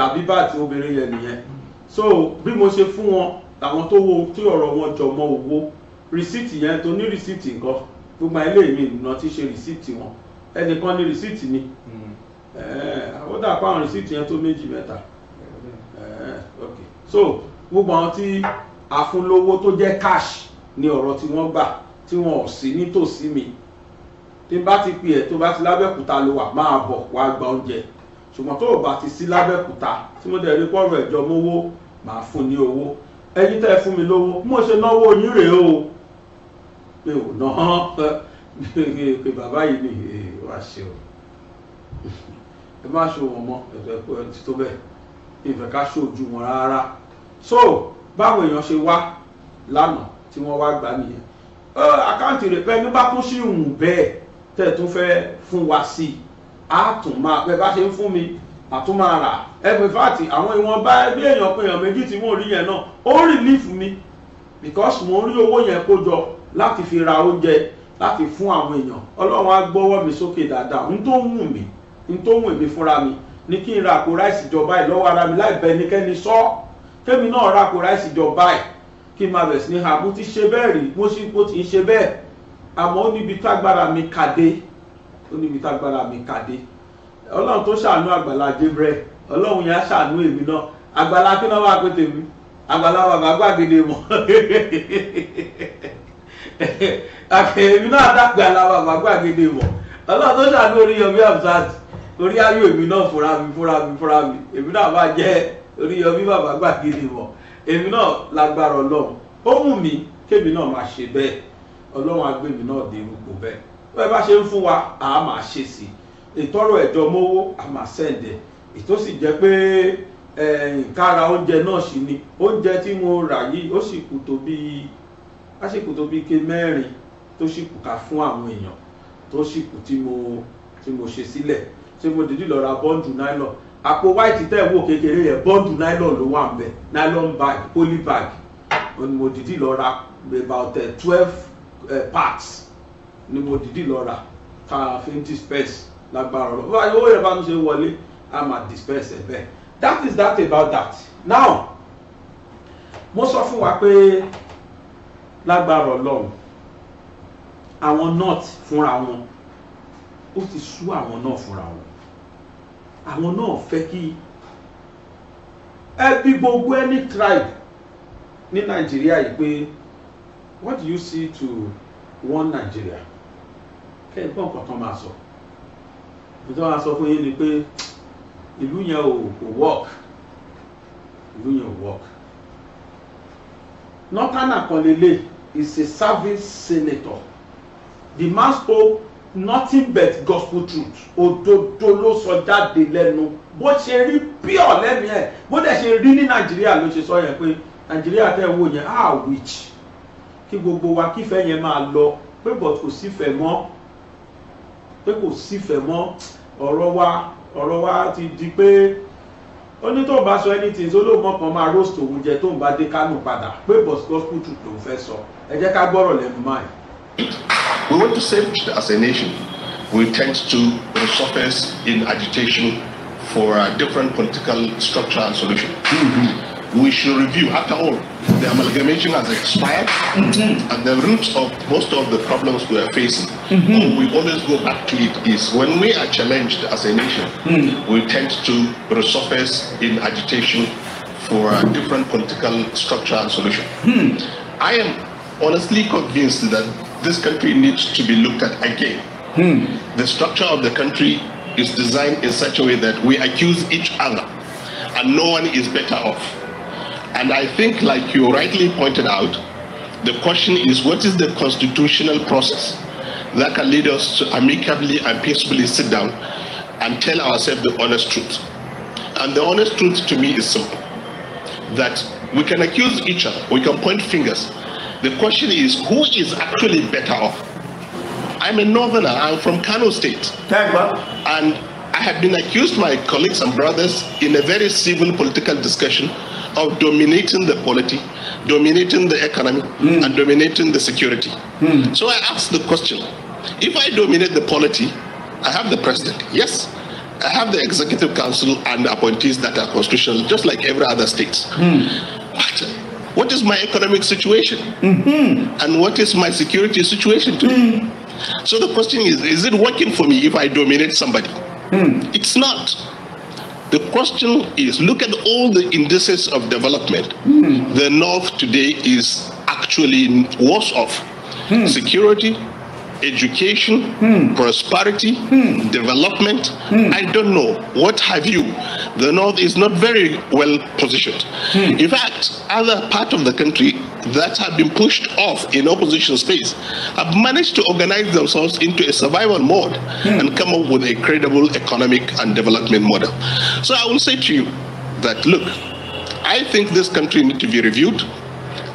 B: àbí bá ti obìnrin yẹn nìyẹn so bí mo ṣe fún wọn àwọn tó wo tí ọ̀rọ̀ wọn jọ mọ́ owó rìsíìtì yẹn tó ní rìsíìtì nǹkan gbogbo ilé mi ìnà ti ṣe rìsíìtì wọn ẹnìkan ní rìsíìtì ni hmm. eh, ó dà pa àwọn rìsíìtì yẹn tó méjì mẹ́ta
A: hmm.
B: eh, so gbogbo àwọn tí àfúnlówó tó jẹ́ cash ni ọ̀rọ̀ tí wọ́n gbà tí wọ́n ò sí nítòsí mi tí bá ti pè ẹ́ tó bá ti lábẹ́kúta ló wà máa bọ̀ wá gba oúnjẹ ṣùgbọ́n tó o bá ti sí lábẹ́kúta tí mo dẹ̀ rí pọ̀rọ̀ ẹ̀jọ́ mówó màá fún ní owó ẹ̀yin tẹ́ ẹ fún mi lówó mo ṣe náwó yín rèé o mi ò ná eh, <laughs> pé bàbá yìí ni wá ṣe o ẹ má ṣe wọn mọ ẹ̀tọ́ ẹ̀kọ́ ẹ̀ ti tó bẹ́ẹ̀ ìfẹ́ ká ṣojú wọn rárá so báwọn èèyàn ṣe wá lánàá tí wọ́n wá gbà nìyẹn àkáǹtì rẹ̀ pẹ́ ní bá tún sí ìhùn bẹ́ẹ̀ tẹ̀ tún fẹ́ fún wa sí i á tún máa pẹ́ bá ṣe ń fún mi àtún máa rà ẹgbẹ́ fáàtì àwọn ìwọ̀nba ẹbí èèyàn pé èèyàn méjì tí wọ́n rí yẹn náà ó rìlífù mi because mo ń rí owó yẹn kó jọ láti fi ra oúnjẹ láti fún àwọn èèyàn ọlọ́run á gbọ́wọ́ mi sókè dáadáa n tó ń wù mí n tó ń wù èmi fúnra mi ní kí n ra àpò ráìsì jọba ẹ̀ lọ́wọ́ ara mi láì bẹ ẹnikẹ́ni sọ kémi náà ra àpò ráìsì jọba ẹ̀ kí n máa bẹ̀ sí ní ha mo ti ṣe bẹ́ẹ̀ rí mo sì mo ti ń ṣe bẹ́ẹ̀ àmọ́ ó níbi tágbára mi kàdé ó níbi tágbára mi kàdé ọlọ́run tó ṣàánú àgbàlá Gabriel ọlọ́run yẹn á ṣàánú èmi náà àgbàlá kí náà wà pété mi àgbàlá bàbá gbàgede mọ́ <laughs> <laughs> àfẹ̀mí náà dàgbà làwọn àgbàgbà gèdè mọ̀ ọlọ́run tó ṣàánú Oríyọmí Hamzat torí ayọ̀ èmi náà fúnra mi fúnra mi fúnra mi èmi náà máa jẹ́ Oríyọmí bàbá gbàgede mọ̀ èmi náà lágbára ọlọ́run ó mú mi kémi náà máa ṣe bẹ́ẹ̀ ọlọ́run agbèmí náà dé irúgbó bẹ́ẹ̀ bẹ́ẹ̀ bá ṣe ń fún wa à á máa ṣe sí ìtọ́rọ̀ ẹ̀jọ́ mówó à máa sẹ́ǹdẹ̀ ètò sì jẹ́ pé kára oúnjẹ náà ṣì ni oúnjẹ tí mo rà yìí ó sì kù tó bíi àṣìkò tó bí ike mẹ́rin tó ṣìkù ká fún àwọn èèyàn tó ṣìkù tí mo tí mo ṣe sílẹ̀ ṣé mo dìdí lọ ra bọ́ǹdù nylon àpò white tẹ́ wò kékeré yẹn bọ́ǹdù nylon ló wà nbẹ̀ nylon bag poly bag mo dìdí lọ ra about eh, twelve eh, parts ni mo dìdí lọ ra ká fi ń disperse lágbára ọ̀rọ̀ bá owó yẹn bá ń ṣe wọlé a máa disperse ẹ̀ bẹ́ẹ̀ that is that about that now mo sọ fún wa pé lágbára ọlọ́run àwọn north fúnra wọn ó ti sú àwọn náà fúnra wọn àwọn náà fẹ́ kí ẹbí gbogbo any tribe ní nàìjíríà yìí pé what do you see to one Nigeria kẹ́ẹ̀gbọ́n nǹkan tán máa sọ nítorí wọn sọ fún yín ni pé ìlú yẹn ò kò work ìlú yẹn ò work northern kan lélẹ́yìí is a service senator the man spoke nothing but gospel truth òdodo ló sọ jáde lẹ́nu bó ṣe rí pure lẹ́nu ẹ̀ bó dẹ̀ ṣe rí ní nàìjíríà ló ṣe sọ yẹn pé nàìjíríà tẹ́ wò yẹn ah witch kí gbogbo wa kífẹ́ yẹn máa lọ pé but kò sífẹ̀ mọ́ pé kò sífẹ̀ mọ́ ọ̀rọ̀ wa ọ̀rọ̀ wa ti di pé ó ní tóun bá sọ anything tó lóun mọ̀ kàn máa roast òun jẹ tóun bá dé kánò padà pé but gospel truth lòun fẹ́ sọ. So we
C: want to save as a nation we tend to resurface surface in agitation for a different political structure and solution. Mm -hmm. We should review. After all, the amalgamation has expired, mm -hmm. and the roots of most of the problems we are facing, mm -hmm. we always go back to it, is when we are challenged as a nation, mm. we tend to resurface in agitation for a different political structure and solution. Hmm. I am honestly convinced that this country needs to be looked at again. Hmm. The structure of the country is designed in such a way that we accuse each other and no one is better off. And I think, like you rightly pointed out, the question is what is the constitutional process that can lead us to amicably and peacefully sit down and tell ourselves the honest truth? And the honest truth to me is simple that we can accuse each other, we can point fingers, the question is, who is actually better off? I'm a northerner. I'm from Kano State. And I have been accused, my colleagues and brothers, in a very civil political discussion of dominating the polity, dominating the economy, mm. and dominating the security. Mm. So I asked the question, if I dominate the polity, I have the president. Yes, I have the executive council and appointees that are constitutional, just like every other state. Mm. But what is my economic situation mm-hmm. and what is my security situation today. Mm. So the question is, is it working for me if I dominate somebody? Mm. It's not. The question is, look at all the indices of development. Mm. The North today is actually worse off. Mm. Security, education, hmm. prosperity, hmm. development. Hmm. I don't know. What have you? The North is not very well positioned. Hmm. In fact, other part of the country that have been pushed off in opposition space have managed to organize themselves into a survival mode hmm. and come up with a credible economic and development model. So I will say to you that, look, I think this country needs to be reviewed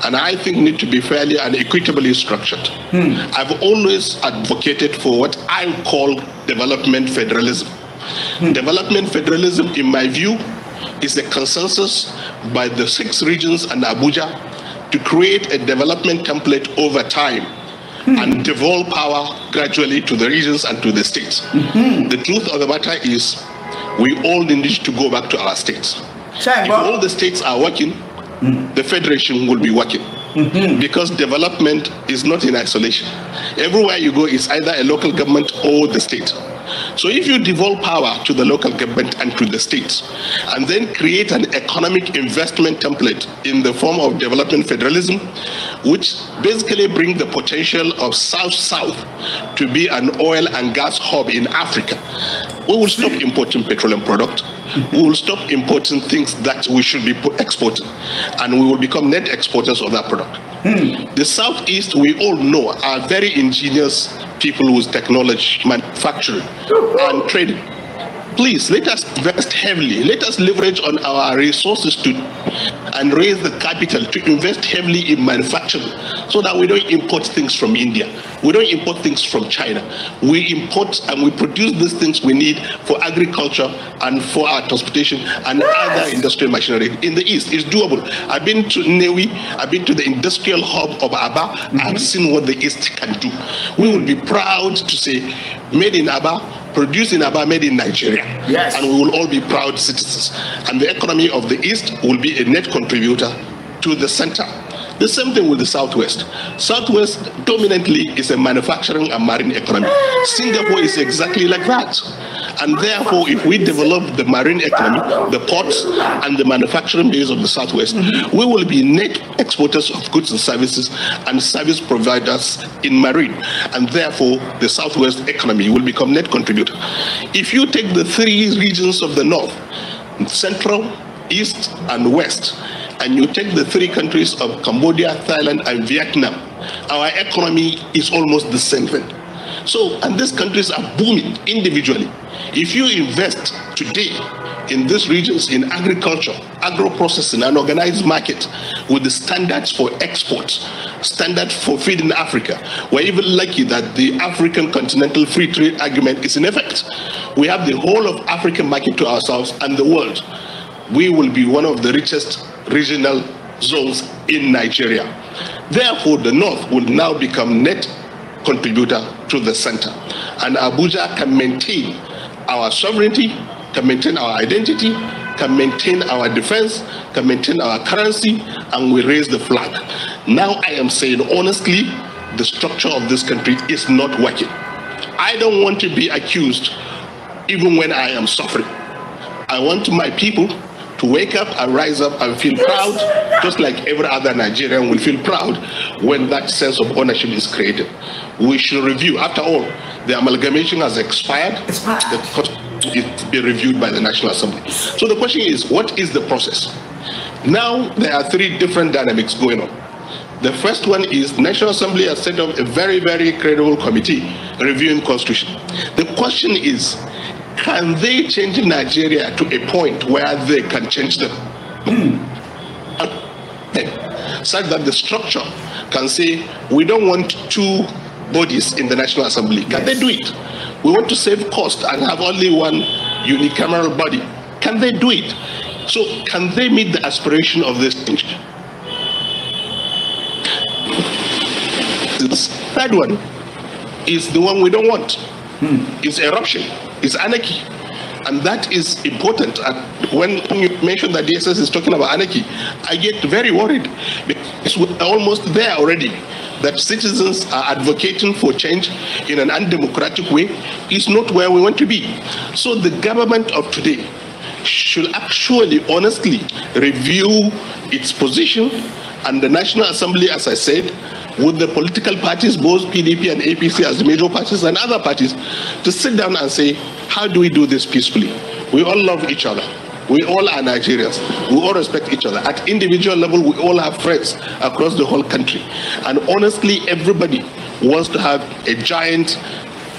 C: and I think need to be fairly and equitably structured. Hmm. I've always advocated for what I call development federalism. Hmm. Development federalism, in my view, is a consensus by the six regions and Abuja to create a development template over time Mm-hmm. and devolve power gradually to the regions and to the states. Mm-hmm. The truth of the matter is, we all need to go back to our states.
A: if all the
C: states are working, Mm-hmm. the federation will be working. Mm-hmm. Because development is not in isolation. Everywhere you go, it's either a local government or the state. So if you devolve power to the local government and to the states, and then create an economic investment template in the form of development federalism, which basically bring the potential of South-South to be an oil and gas hub in Africa, we will stop mm-hmm. importing petroleum products we will stop importing things that we should be exporting, and we will become net exporters of that product. Hmm. The Southeast, we all know, are very ingenious people with technology, manufacturing, and trading please let us invest heavily. Let us leverage on our resources to and raise the capital to invest heavily in manufacturing so that we don't import things from India. We don't import things from China. We import and we produce these things we need for agriculture and for our transportation and yes. other industrial machinery in the East. It's doable. I've been to Newi, I've been to the industrial hub of Aba. Mm -hmm. I've mm-hmm. seen what the East can do. We will be proud to say made in Aba, produced in Aba, made in Nigeria. Yes. And we will all be proud citizens. And the economy of the East will be a net contributor to the center the same thing with the Southwest. Southwest dominantly is a manufacturing and marine economy. Singapore is exactly like that. And therefore, if we develop the marine economy, the ports, and the manufacturing base of the Southwest, mm-hmm. we will be net exporters of goods and services and service providers in marine. And therefore, the Southwest economy will become net contributor. If you take the three regions of the North, Central, East, and West, and you take the three countries of Cambodia, Thailand, and Vietnam, our economy is almost the same thing. So, and these countries are booming individually. If you invest today in these regions in agriculture, agro processing, and organized market with the standards for export, standards for feeding Africa. We're even lucky that the African Continental Free Trade Agreement is in effect. We have the whole of African market to ourselves and the world. We will be one of the richest regional zones in Nigeria. Therefore, the North will now become net contributor to the center. And Abuja can maintain our sovereignty, can maintain our identity, can maintain our defense, can maintain our currency, and we raise the flag. Now I am saying honestly, the structure of this country is not working. I don't want to be accused even when I am suffering. I want my people to wake up and rise up and feel proud, just like every other Nigerian will feel proud when that sense of ownership is created. We should review. After all, the amalgamation has expired. It's be reviewed by the National Assembly. So the question is, what is the process? Now there are three different dynamics going on. The first one is National Assembly has set up a very, very credible committee reviewing constitution. The question is, can they change Nigeria to a point where they can change them? Hmm. Such that the structure can say, we don't want two bodies in the National Assembly. Can yes. they do it? We want to save cost and have only one unicameral body. Can they do it? So can they meet the aspiration of this thing? The third one is the one we don't want. Hmm. It's is eruption, is anarchy. And that is important. And when you mention that DSS is talking about anarchy, I get very worried. It's almost there already that citizens are advocating for change in an undemocratic way is not where we want to be. So the government of today should actually honestly review its position and the National Assembly, as I said, with the political parties, both PDP and APC as the major parties and other parties, to sit down and say, how do we do this peacefully? We all love each other. We all are Nigerians. We all respect each other. At individual level, we all have friends across the whole country. And honestly, everybody wants to have a giant,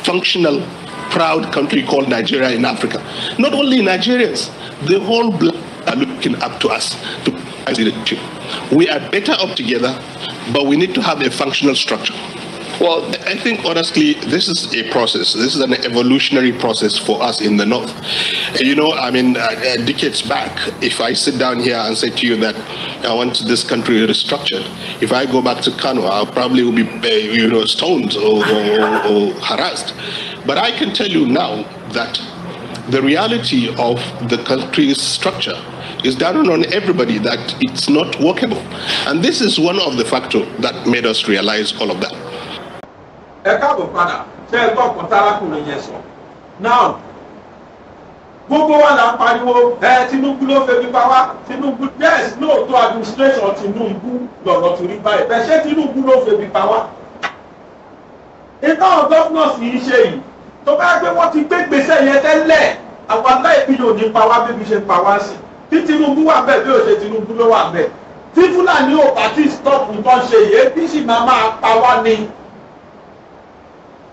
C: functional, proud country called Nigeria in Africa. Not only Nigerians, the whole black are looking up to us to leadership. We are better off together, but we need to have a functional structure. Well, I think honestly, this is a process. This is an evolutionary process for us in the North. You know, I mean, uh, uh, decades back, if I sit down here and say to you that I want this country restructured, if I go back to Kano, I probably will be, uh, you know, stoned or, or, or harassed. But I can tell you now that the reality of the country's structure It's down on everybody that it's not workable. And this is one of the factors that made us realize all of that.
B: now gbogbo wa la pariwo ẹ Tinubu ló fẹ́ pa wá Tinubu yes lóòótọ́ administration Tinubu lọ̀rọ̀ ti rí báyìí bẹ́ẹ̀ ṣé Tinubu ló fẹ́ mi pa wá. iná gọ́fúnà sì ń ṣe yìí tó bá gbé wọ́n ti gbé gbèsè yẹn tẹ́lẹ̀ àwọn aláìpínlẹ̀ ò pa wá bí ṣe pa wá sí i tí Tinubu wà bẹ́ẹ̀ bí ó ṣe Tinubu ló wà bẹ́ẹ̀ tí Fúlàní ò bá ti stop nǹkan ṣe yìí bí sì máa máa pa wá ni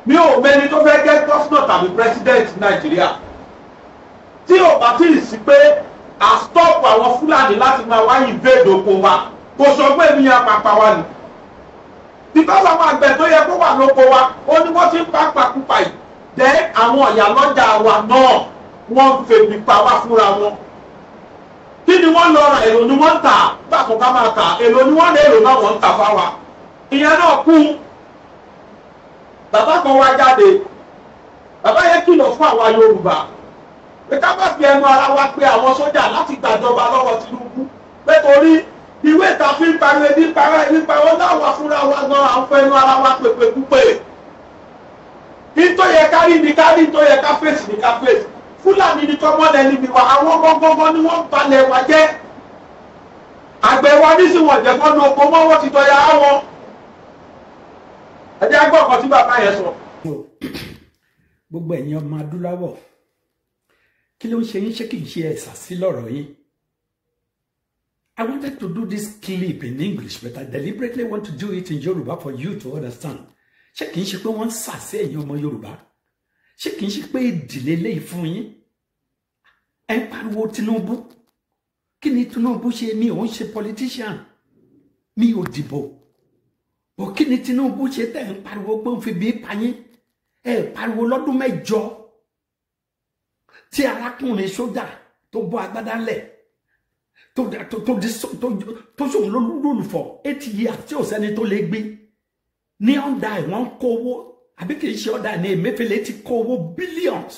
B: mi ò mẹni tó fẹ́ gẹ́ gọ́fúnà tàbí president Nàìjíríà tí ò bá ti sí pé à stop àwọn Fúlàní láti máa wá invade oko wa kò sọ pé mi yà pàpà wa ni because àwọn àgbẹ̀ tó yẹ kó wà lóko wa ó ní wọ́n ti ń pa pàkúpà yìí dẹ́ àwọn ọ̀yà lọ́jà wa náà wọ́n ń pa wá fúnra wọn kí ni wọ́n lọ ra èrò ni wọ́n ń tà báàkùn ká máa tà èrò ni wọ́n lè èrò náà wọ́n ń tà fáwa ìyẹn náà kú bàbá kan wá jáde bàbá yẹn kìlọ̀ fún àwa Yorùbá pé ká má fi ẹnu ara wa pé àwọn sójà láti gbàjọba lọ́wọ́ Tinubu pé torí ìwé ìta fi ń pariwo ebi ń pariwo ebi ń pariwo láwọn afúnra wa gan à ń fọ ẹnu ara wa pèpè púpè nítorí ẹ ká rí ni ká rí nítorí ẹ ká fèsì ni ká fèsì fúlàní ni tọmọlẹ níbi wa àwọn gbọngbọngbọn ni wọ́n balẹ̀ wa jẹ́ àgbẹ̀ wa nísìn wọn jẹ́ fọ́nù oko mọ́ wọ́n ti tọ́ya wọn
D: ẹjẹ́ àgbọ̀ kan tí bàbá yẹn sọ. gbogbo ẹ̀yin ọmọ adúláwọ̀ kí ló ń ṣe yín ṣé kì í ṣe ẹ̀sà sí lọ́rọ̀ yín I wanted to do this clip in English but I deliberately want to do it in Yoruba for you to understand ṣé kì í ṣe pé wọ́n ń sà sí ẹ̀yin ọmọ Yorùbá ṣé kìí ṣe pé ìdílé léyìí fún yín ẹ ń pariwo Tinubu kí ni Tinubu ṣe mi ò ń ṣe politician mi ò dìbò bò kí ni Tinubu ṣe tẹ̀ ń pariwo pé ń fi bí pa yín ẹ pariwo lọ́dún mẹ́jọ tí arákùnrin sójà tó bọ́ agbádá lẹ̀ tó tó tó sòun lólùfọ̀ eight years tí ò sẹ́ni tó lè gbé ní ọ̀dà ẹ̀ wọ́n kó owó àbí kì í ṣe ọ̀dà ní Emefiele ti kó owó billions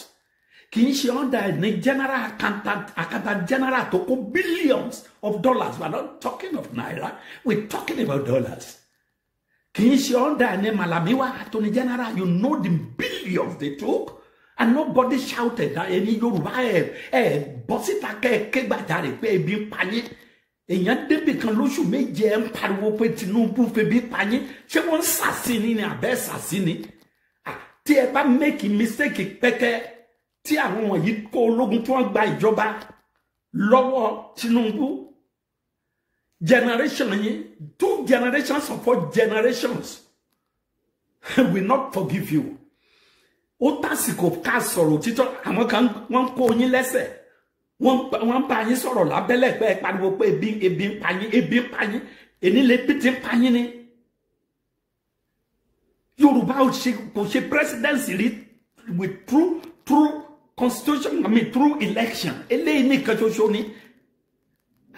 D: kì í ṣe ọ̀dà ní general accountant accountant general tó kó billions of dollars we are not talking of naira we are talking about dollars kì í ṣe ọ̀dà ní Malamiwa attorney general you know the billions they took and nobody shouted ẹni Yorùbá ẹ ẹ bọ́ síta kẹ́ ẹ gbàjarè pé ebi ń pa yín èèyàn débì kan lóṣù méje ẹ ń pariwo pé Tinubu febi pa yín ṣé wọ́n ń sàsí ni ni àbẹ́ sàsí ni. tí ẹ bá make mistake pẹ́kẹ́ tí àwọn wọ̀nyí kó ológun tí wọ́n gba ìjọba lọ́wọ́ Tinubu generation yín two generations of four generations <laughs> will not forgive you ó tásìkò ká sọ̀rọ̀ títọ́ àwọn kan wọ́n kó yín lẹ́sẹ̀ wọ́n bá yín sọ̀rọ̀ lábẹ́lẹ̀ pé pariwo pé ebi ń pa ebi ń pa yín èní ń pa ni. Yoruba will she, she presidency with true true constitution, I mean through election. I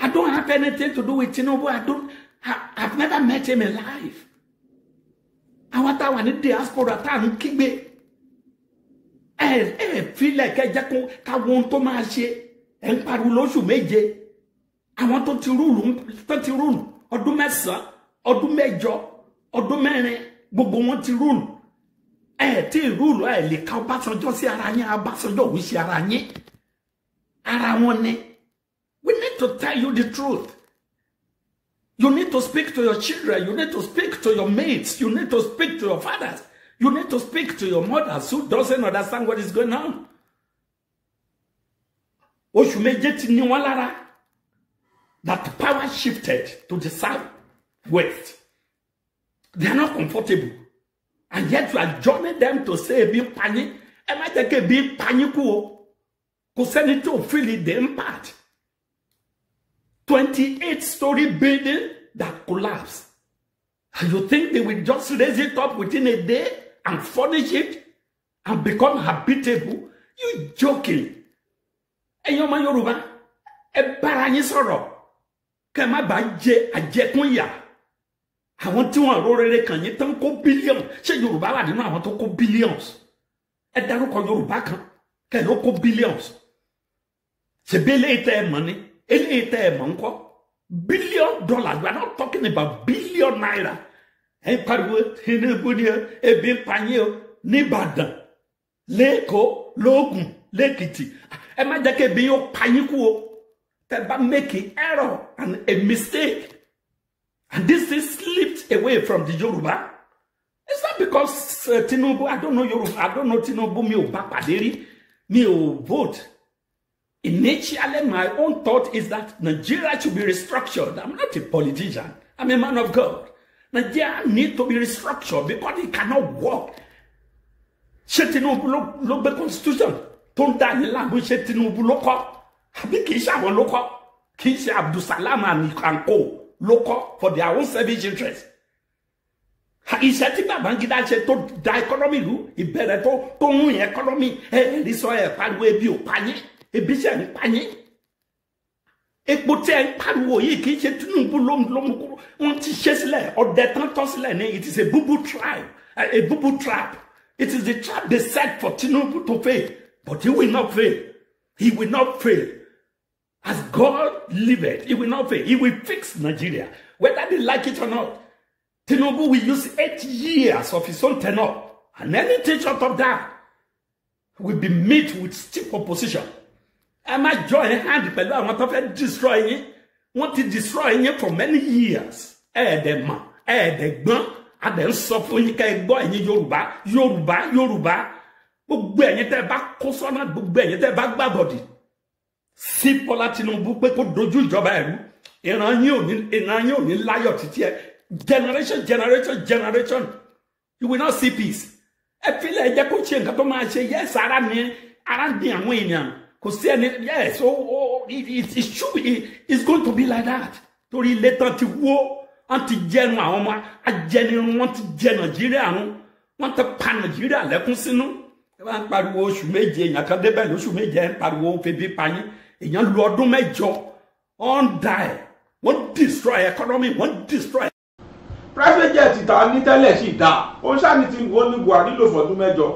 D: don't have anything to do with Tinubu. I don't I, I've never met him in life. Àwọn táwa ní diaspora tá à ń kígbe. Ẹ ẹ filẹ̀ kẹjẹ kó káwọn ohun tó máa ṣe. Ẹ ń pariwo lóṣù méje. Àwọn tó ti rúùlù tó ti rúùlù ọdún mẹ́sàn-án ọdún mẹ́jọ ọdún mẹ́rin gbogbo wọn ti tí lè ka sí ara yín sí ara yín ara wọn ni we need to tell you the truth you need to speak to your children you need to speak to your mates you need to speak to your fathers you need to speak to your mothers who doesn't understand what is going on oṣù méje ti ní wọn lára that power shifted to the south west. They are not comfortable. And yet you are joining them to say, be panic. Am I taking be panic? need to feel the impact. 28 story building that collapsed. And you think they will just raise it up within a day and furnish it and become habitable? You joking. ẹ̀yin ọmọ yorùbá ẹ bára yín sọ̀rọ̀ kẹ́ ẹ má bàa jẹ àwọn tí wọn àrò rere kàn yín tán kó billions ṣé yorùbá wà nínú àwọn tó kó billions ẹ dárúkọ yorùbá kan kẹlẹ ó kó billions ṣèbí eléyìí tẹ ẹ mọ̀ ni eléyìí tẹ ẹ mọ̀ ńkọ́ billion dollars we are not talking about billion naira ẹ pariwo tinubu ni ebi ń pa yín o nìbàdàn lẹkọọ lóògùn lẹ́kìtì ẹ má jẹ́ kí ebi yóò pa yín kú o tẹ bá make error and a mistake. And this is slipped away from the Yoruba. It's not because uh, Tinubu, I don't know Yoruba, I don't know Tinubu, Me ò bá pàdé me ò vote. Initially, my own thought is that Nigeria should be restructured. I'm not a politician. I'm a man of God. Nigeria need to be restructured because it cannot work. Tinubu look, look the constitution tó ń dá yín láàmú Tinubu look kọ́? Àbí Kisha, í ṣe Kisha, ló Abdulsalam and Kanko local for their own selfish interest. Ìṣẹ́ tí Babangida ṣe tó da ẹkọ́nọ́mì It better tó tó ń rìn ẹkọ́nọ́mì This rí sọ ẹ̀ pariwo ebi ò pa yín ebi ṣe ń pa yín. Epo tí ẹ ń pariwo yìí kì í ṣe Tinubu lómúlómú kúrò wọ́n ti ṣe sílẹ̀ ọ̀dẹ̀ tán tán its a booby trap a booby trap it is the trap they set for Tinubu to fail but he will not fail he will not fail. As God liveth, He will not fail. He will fix Nigeria, whether they like it or not. Tinubu will use eight years of his own tenure, and anything short of that will be met with stiff opposition. I'm máa join hand pẹ̀lú àwọn tó destroy yín. Want to destroy it for many years. Eh, mọ̀, ẹ̀ẹ́dẹ̀ eh, adẹ̀ ń and then suffer. You can gbọ́ ẹ̀yin Yorùbá, Yorùbá, Yorùbá. Gbogbo ẹ̀yin tẹ́ ẹ bá kó sọ́nà, gbogbo ẹ̀yin tẹ́ sí Bọ́lá Tinubu pé kó dojú ìjọba ẹ̀rú ìran yín ò ní ìran yín ò ní láyọ̀ títí ẹ generation generation generation you will not see peace ẹ feel ẹ jẹ́ kó ṣe nǹkan tó máa ṣe yes ara ni ara ni àwọn èèyàn kò sí ẹni yes o oh, o oh, oh, it it should be it's going to be like that torí ilé tán ti wó wọ́n ti jẹnu àwọn ọmọ ajẹnirun wọ́n ti jẹ Nàìjíríà run wọ́n ti pa Nàìjíríà lẹ́kún sínú. ẹ máa ń pariwo oṣù méje èèyàn kan débẹ̀ lóṣù méje ẹ ń pariwo febi payín èèyàn lu ọdún mẹ́jọ wọ́n da ẹ̀ wọ́n destroy economy wọ́n destroy. private jet ta ní tẹ́lẹ̀ sì dá
B: òun ṣáàní ti wọ́n ní Buhari lò fọ́dún mẹ́jọ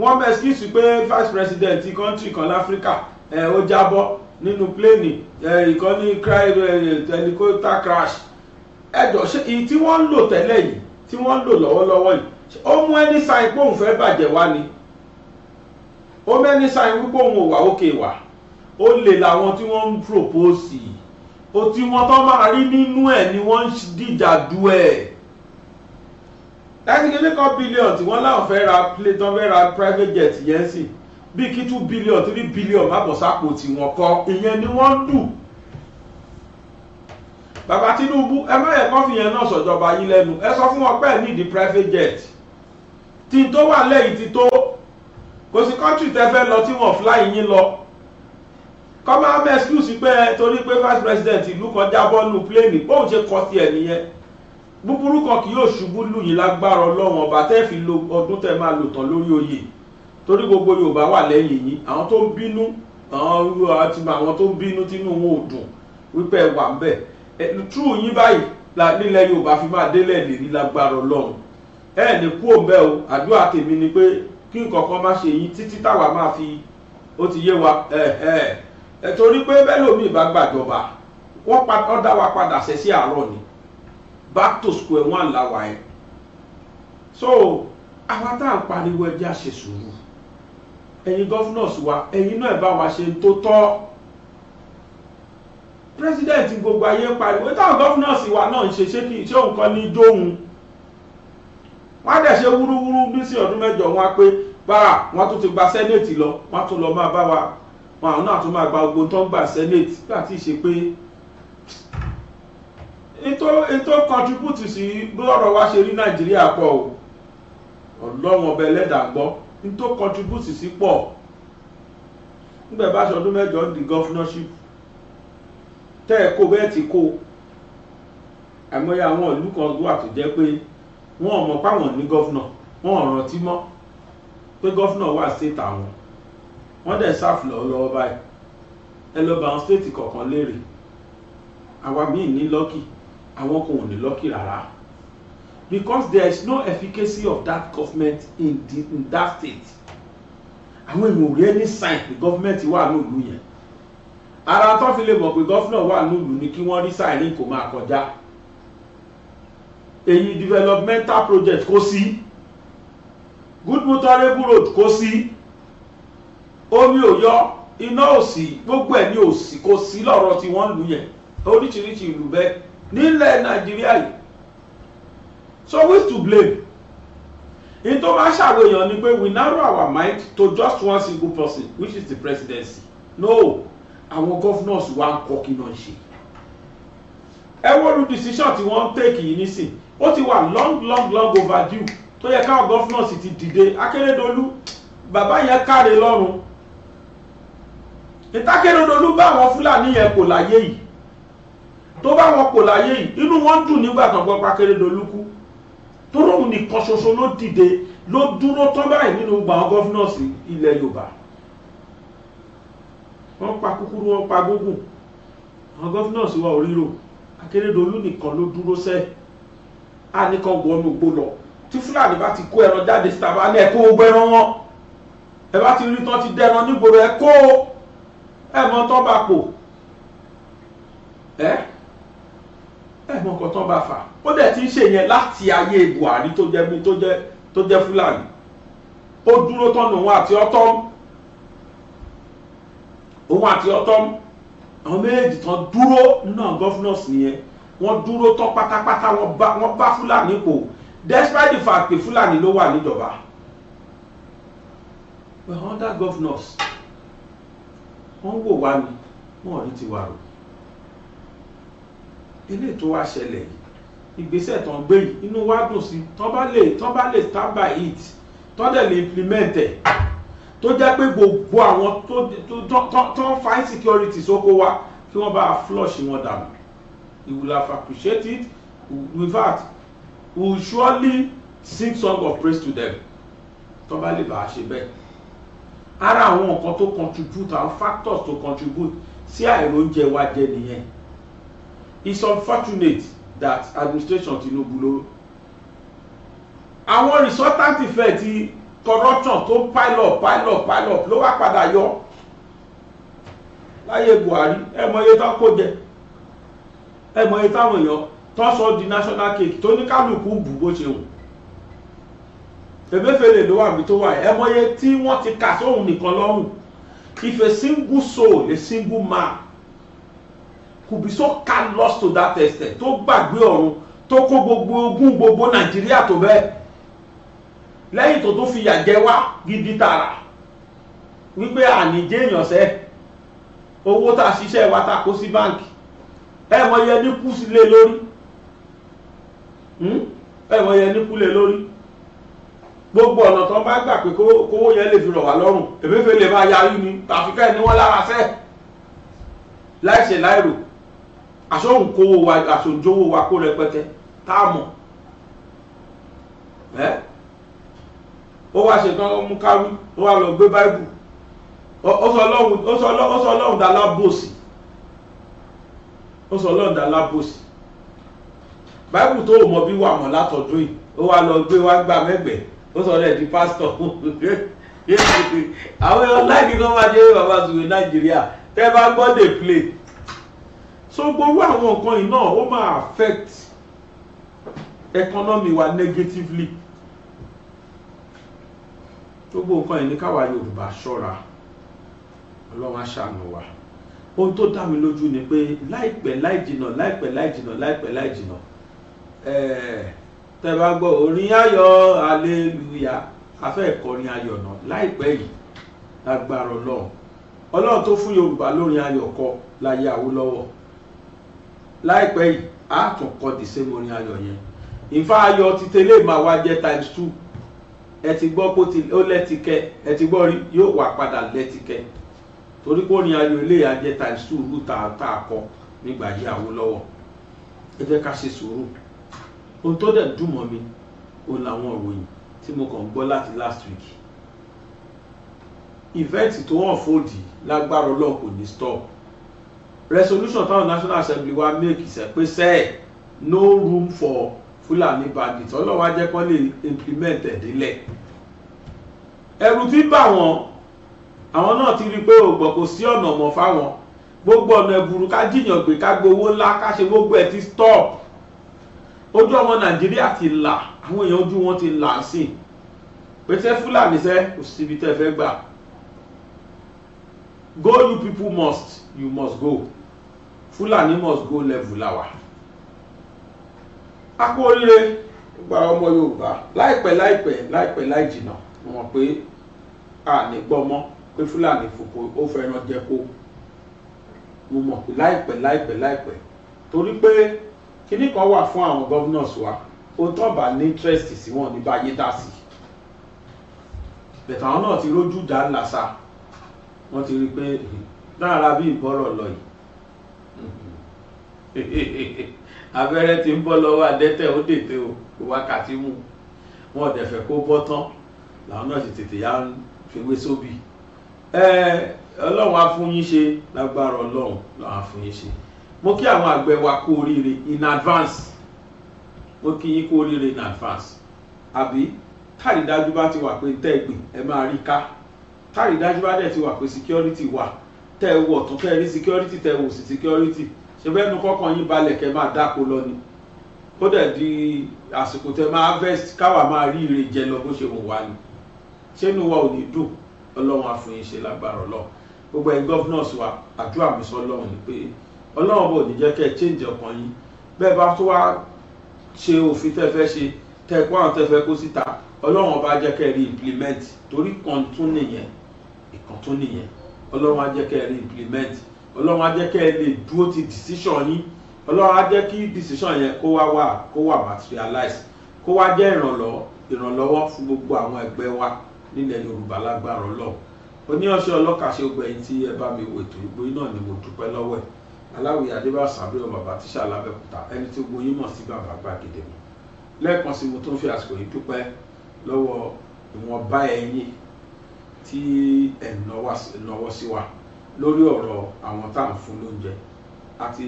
B: wọ́n mẹ́sìkìsì pé vice president kọ́ńtì kan láfíríkà ẹ̀ ó jábọ́ nínú pléènì ìkànnì helicopter crash ẹ̀jọ̀ ṣe èyí tí wọ́n ń lò tẹ́lẹ̀ yìí tí wọ́n ń lò lọ́wọ́lọ́wọ́ yìí ó mú ẹni sáyìn pé òun fẹ́ bàjẹ́ wá ni ó mẹ́ni sáyìn wípé òun ò wà òkè wà ó lè làwọn tí wọ́n ń propose ó tí wọ́n tó máa rí nínú ẹ̀ ni wọ́n ń dìjà du ẹ̀ láìsíkèlé kan bílíọ̀n tí wọ́n láwọn fẹ́ ra plane fẹ́ ra private jet yẹn sì bíi kí two billion three billion má bọ̀ sápò tí wọ́n kọ́ ìyẹn ni wọ́n ń dùn bàbá Tinubu ẹ má yẹ kó fi yẹn náà sọ̀jọba yín lẹ́nu ẹ sọ fún wọn pé ẹ nídìí private jet tí n tó wà lẹ́yìn ti tó kò sí country tẹ́ fẹ́ lọ tí wọ́n fly yín lọ kọ́ máa mẹ́ excuse pé torí pé vice president ìlú kan jábọ́ nù pléènì bóun ṣe kọ́ sí ẹ̀ nìyẹn búburú kan kì yóò ṣubú lù yín lágbára ọlọ́run ọba tẹ́ fi lo ọdún tẹ́ máa lò tán lórí oyè torí gbogbo yorùbá wà lẹ́yìn yín àwọn tó ń bínú àwọn tó ń bínú tínú wọn ò dùn wípé ẹ wà ń bẹ̀ true yín báyìí nílẹ̀ yorùbá fi máa délẹ̀ lè rí lágbára ọlọ́run ẹ lè kú òǹbẹ́ o àdúrà tèmi ni pé kí nǹkan kan má ṣe yín títí táwa máa fi ó ti yé wa ẹ ẹ ẹ torí pé bẹ́ẹ̀ lómi ìbá gbàjọba wọ́n dá wa padà ṣe àárọ̀ ni back to square one làwà ẹ̀ so àwa tá à ń pariwo ẹjẹ́ àṣẹ sùúrù ẹ̀yin governors wa ẹ̀yin náà bá wa ṣe tó tọ́ president gbogbo ayé pariwo táwọn governors wa náà ń ṣe ṣé kí ṣé òun kan ní dóhun wọ́n á dẹ̀ ṣe wúrúwúrú nísìn ọdún mẹ́jọ wọn á pé bára wọn tún ti gba sẹ́nẹ̀tì lọ wọn tún lọ máa bá wa wọn àwọn náà tún máa gba ogun tó ń gbà sẹ́nẹ̀tì gbà tí ì ṣe pé ètò kọntribútì sí bí ọ̀rọ̀ wa ṣe rí nàìjíríà pọ̀ o ọlọ́run ọbẹ̀ ẹlẹ́dàá gbọ́ ètò kọntribútì sí pọ̀ nígbà bá ṣọdún mẹ́jọ ń di gọ́fúnọ́ṣìp tẹ́ ẹ̀ kó bẹ́ẹ̀ ti kó àìmọye àwọn ìlú kan wà tó pé wọn ò mọ̀ páwọn ní gọ́fúnà wọn ò rántí mọ́ pé gọ́fúnà wà state àwọn wọ́n dẹ̀ ṣàfihàn lọ́wọ́ báyìí ẹ lọ bá àwọn state kọ̀ọ̀kan léèrè àwa míì ní lọ́kì àwọn kò ní lọ́kì rárá because there is no efficacy of that government in, the, in that state àwọn èèyàn ò rí any sign pé government wà nílùú yẹn ara tó fi lè mọ̀ pé gọ́fúnà wà nílùú ni kí wọ́n rí sign ní kò máa kọjá èyí developmental project kò sí good motorable road kò sí omi ò yọ iná ò sí gbogbo ẹ̀ ní ò sí kò sí lọ́rọ̀ tí wọ́n lù yẹn oríṣiríṣi ìlú bẹ́ẹ̀ nílẹ̀ nàìjíríà yìí so who is to blame in tó máa ṣàròyàn ni pé we narrow our mind to just one single person which is the presidency no àwọn governors wa ń kọ́ kí náà ṣe ẹ wọ́n lu decision tí wọ́n ń take yìí nísìnyí ó ti wà long long long overdue tó yẹ káwọn gọ́fúnà sì ti dìde Akérédolú bàbá yẹn káre lọ́rùn ìtàkérédolú bá àwọn Fúlàní yẹn kò láyé yìí tó bá wọn kò láyé yìí inú wọn dùn nígbà tó gbọ́ pàkérédolú kú tó lóun nìkan ṣoṣo ló dìde ló dúró tán báyìí nínú gbà àwọn gọ́fúnà sí ilẹ̀ Yorùbá wọ́n pa kúkúrú wọ́n pa gógùn àwọn gọ́fúnà sì wà oríro Akérédolú nìkan ló dúró sẹ́ẹ̀ á ní kàn wọnú igbó lọ tí fúlàní bá ti kó ẹran jáde síta bá ní ẹ kó gbogbo ẹran wọn ẹ bá ti rí tán ti dẹran nígboro ẹ kó ẹ mọ tán bá pò ẹ ẹ mọ nǹkan tán bá fà ó dẹ̀ ti ń ṣe yẹn láti ayé Buhari tó jẹ́ tó jẹ́ tó jẹ́ fúlàní ó dúró tán lòun àti ọtọ́m òun àti ọtọ́m àwọn méjèèjì tán dúró nínú àwọn gọ́fúnọ̀sì nìyẹn wọ́n dúró tán pátápátá wọ́n bá fúlàní pò despite the fact pé fúlàní ló wà níjọba were under governors wọ́n wò wá ni wọ́n rí tiwa rò ilé tó wá ṣẹlẹ̀ yìí ìgbésẹ̀ tán gbé yìí inú wa dùn sí tán bá lè tán bá lè stand by it tán dẹ̀ lè implement ẹ̀ tó jẹ́ pé gbogbo àwọn tó tó tó tó ń fa insecurity sóko wa kí wọ́n bá flush wọn dànù He will have appreciated. With that, we will surely sing song of praise to them. Tó bá lè bá a ṣe bẹ́ẹ̀. Ara àwọn nǹkan tó contribute àwọn factors to contribute sí àìróúnjẹ wa jẹ nìyẹn. It's unfortunate that administration Tinubu ló àwọn resultant effect corruption tó pile up pile up pile up ló wá padà yọ láyé Buhari ẹ mọ iye tán kó jẹ ẹ mọ iye táwọn èèyàn tọ́sọ di national cake tó ní kálukú bù bó ṣe wù Emefiele ló wà mí tó wà ẹ mọ tí wọ́n ti kà sóhun nìkan lọ́rùn if a single soul a single man could be so callous to that extent tó gbàgbé ọ̀run tó kó gbogbo ogún gbogbo Nàìjíríà tó bẹ́ẹ̀ lẹ́yìn tó tún fìyà jẹ wá gidi tààrà wípé àníjẹ́ èèyàn sẹ́ owó tá a ṣiṣẹ́ wa tá a kó sí báǹkì ẹ̀wọ̀n yẹn ní kú sí lé lórí hmm? ẹ̀wọ̀n yẹn ní kú lé lórí gbogbo ọ̀nà tó ń bá gbà pé kówó yẹn lè fi rọ̀ wá lọ́rùn èmẹ́fẹ́ lè máa yarí ni àfikà ẹ̀ ní wọ́n lára fẹ́ láìṣe láìrò àsóhùn kówó wa àsòjówó wa kó rẹpẹtẹ táàmù ẹ ó wá ṣe kán mú kárí ó wá lọ gbé báíbù ó sọ ọlọ́run dá lábòsí ó sọ lọ́ọ̀dà lábòsí báìbù tó mọ bí wà mọ̀ látọ̀dún yìí ó wá lọ gbé wá gbà mẹ́gbẹ̀ẹ́ ó sọ rẹ̀ di pásítọ̀ <laughs> àwọn èèyàn láìpẹ́ kí wọ́n máa jẹ́ bàbá sùwé nàìjíríà tẹ́ bá gbọ́ dey play so gbogbo àwọn nǹkan yìí náà ó máa affect economy wa negatively gbogbo nǹkan yìí ní káwa yorùbá ṣọ́ra ọlọ́run á wa ohun tó dá mi lójú ni pé láìpẹ́ láì jìnà láìpẹ́ láì jìnà láìpẹ́ láì jìnà eh, tẹ́ bá gbọ́ orin ayọ̀ aleluya afẹ́ ìkọrin ayọ̀ náà láìpẹ́ yìí lágbára ọlọ́run ọlọ́run tó fún yorùbá lórin ayọ̀ kọ láyé Awólọ́wọ̀ láìpẹ́ yìí á tún kọ the same orin ayọ̀ yẹn ìfá ayọ̀ ti tẹ́lẹ̀ e máa wá jẹ́ times two ẹ ti gbọ́ pé ó lẹ́tìkẹ́ ẹ ti gbọ́ rí yóò wá padà lẹ́tìkẹ́ torí pé ó ní ayò ilé ìyàjẹ times two lù tá a kọ nígbà yí Awólọ́wọ̀ ẹ jẹ́ ká ṣe sùúrù ohun tó dẹ̀ dùn mọ́ mi òun làwọn ìròyìn tí mo kàn gbọ́ láti last week ìfẹ́ǹtì tó hàn fòdì lágbára ọlọ́run kò ní stop resolution táwọn National Assembly wa make ìsẹ̀pẹ́ sẹ́ẹ̀ no room for Fúlàní bandits ọlọ́wọ́ ajẹ́kọ́ lè implement ẹ̀dínlẹ̀ ẹ̀rù tí bá wọn àwọn náà ti rí i pé ògbọ̀n kò sí ọ̀nà mọ̀ fáwọn gbogbo ọ̀nà ẹ̀bùrú ká jìyàn gbé ká gbowó ńlá ká ṣe gbogbo ẹ̀ ti stop ojú ọmọ nàìjíríà ti là àwọn èèyàn ojú wọn ti là sí i pété fúlàní sẹ́ kò síbi tẹ́ fẹ́ gbà go you people must you must go fúlàní must go level làwà a oríire gba ọmọ yorùbá láìpẹ́ láìpẹ́ láìpẹ́ láì jìnnà mọ̀ pé a ní gbọ́ mọ́ pé fúlàní fòpò ó fẹ́ràn jẹko mo mọ̀ pé láìpẹ́ láìpẹ́ láìpẹ́ torí pé kinní kan wà fún àwọn governors wa ó tán bá ní interest sí wọn ní báyé dá sí bẹ̀tẹ̀ àwọn náà ti rójú dá làṣà wọ́n ti rí i pé lára bí ìbọ́rọ̀ lọ yìí <laughs> abẹ́rẹ́ ti ń bọ́ lọ́wọ́ adẹ́tẹ̀ ó dètè o wákàtí mú wọn ò dẹ̀ fẹ́ kó bọ́ tán làwọn náà ti tètè yá ń fewé sóbì ọlọ́run á fún yín ṣe lágbára ọlọ́run lọ́wọ́ á fún yín ṣe mo kí àwọn àgbẹ̀ wa kú oríire in advance mo kí yín kú oríire in advance àbí tàrídájú bá ti wà pé tẹ́ ẹ gbìn ẹ máa rí ká tàrídájú bá dẹ̀ ti wà pé security wà tẹ́ ẹ wọ̀ tún tẹ́ ẹ rí security tẹ́ ẹ wò sí security ṣe bẹ́ẹ̀ nu kọ́kàn yín balẹ̀ kẹ́ máa dáko lọ ni ó dẹ̀ di àsìkò tẹ́ máa harvest káwa máa rí ire jẹ lọ bó ṣe wù wá ni ṣé inú wa ò ní dùn ọlọ́run àfòyín ṣe lágbára ọlọ́run gbogbo ẹ̀yin governors wa àdúrà mi sọ ọlọ́run ni pé ọlọ́run bò ní jẹ́ kẹ́ ẹ change ọkàn yín bẹ́ẹ̀ bá tó wá ṣe òfin tẹ́ fẹ́ ṣe tẹ́ kó àwọn tẹ́ fẹ́ kó síta ọlọ́run ọba jẹ́ kẹ́ ẹ rí implement torí kan tún nìyẹn ìkan tún nìyẹn ọlọ́run á jẹ́ kẹ́ ẹ rí implement ọlọ́run á jẹ́ kẹ́ ẹ lè dúró ti decision yín ọlọ́run á jẹ́ kí decision yẹn kó wá wà kó wà materialize kó wá jẹ́ ìrànlọ́wọ́ ìrànlọ́wọ́ fún gbogbo àwọn ẹgbẹ́ wa nílẹ̀ yorùbá lágbára ọlọ́run oníyanṣẹ́ ọlọ́kàṣe gbẹ̀yìn tí ẹ bá mi wò ètò ìgbó iná ni mo dúpẹ́ lọ́wọ́ ẹ̀ aláwìyé adébáṣà abẹ́rẹ́ bàbá tíṣà lábẹ́kúta ẹni tí gbóyún mọ̀ sí bàbá gbàgede mọ̀ lẹ́ẹ̀kan sí mo tún fi àsìkò yìí dúpẹ́ lọ́wọ́ ìwọ̀nba ẹ̀yìn tí ẹ̀ ń nọwọ́ sí wa lórí ọ̀rọ̀ àwọn tá à ń fún lóúnjẹ àti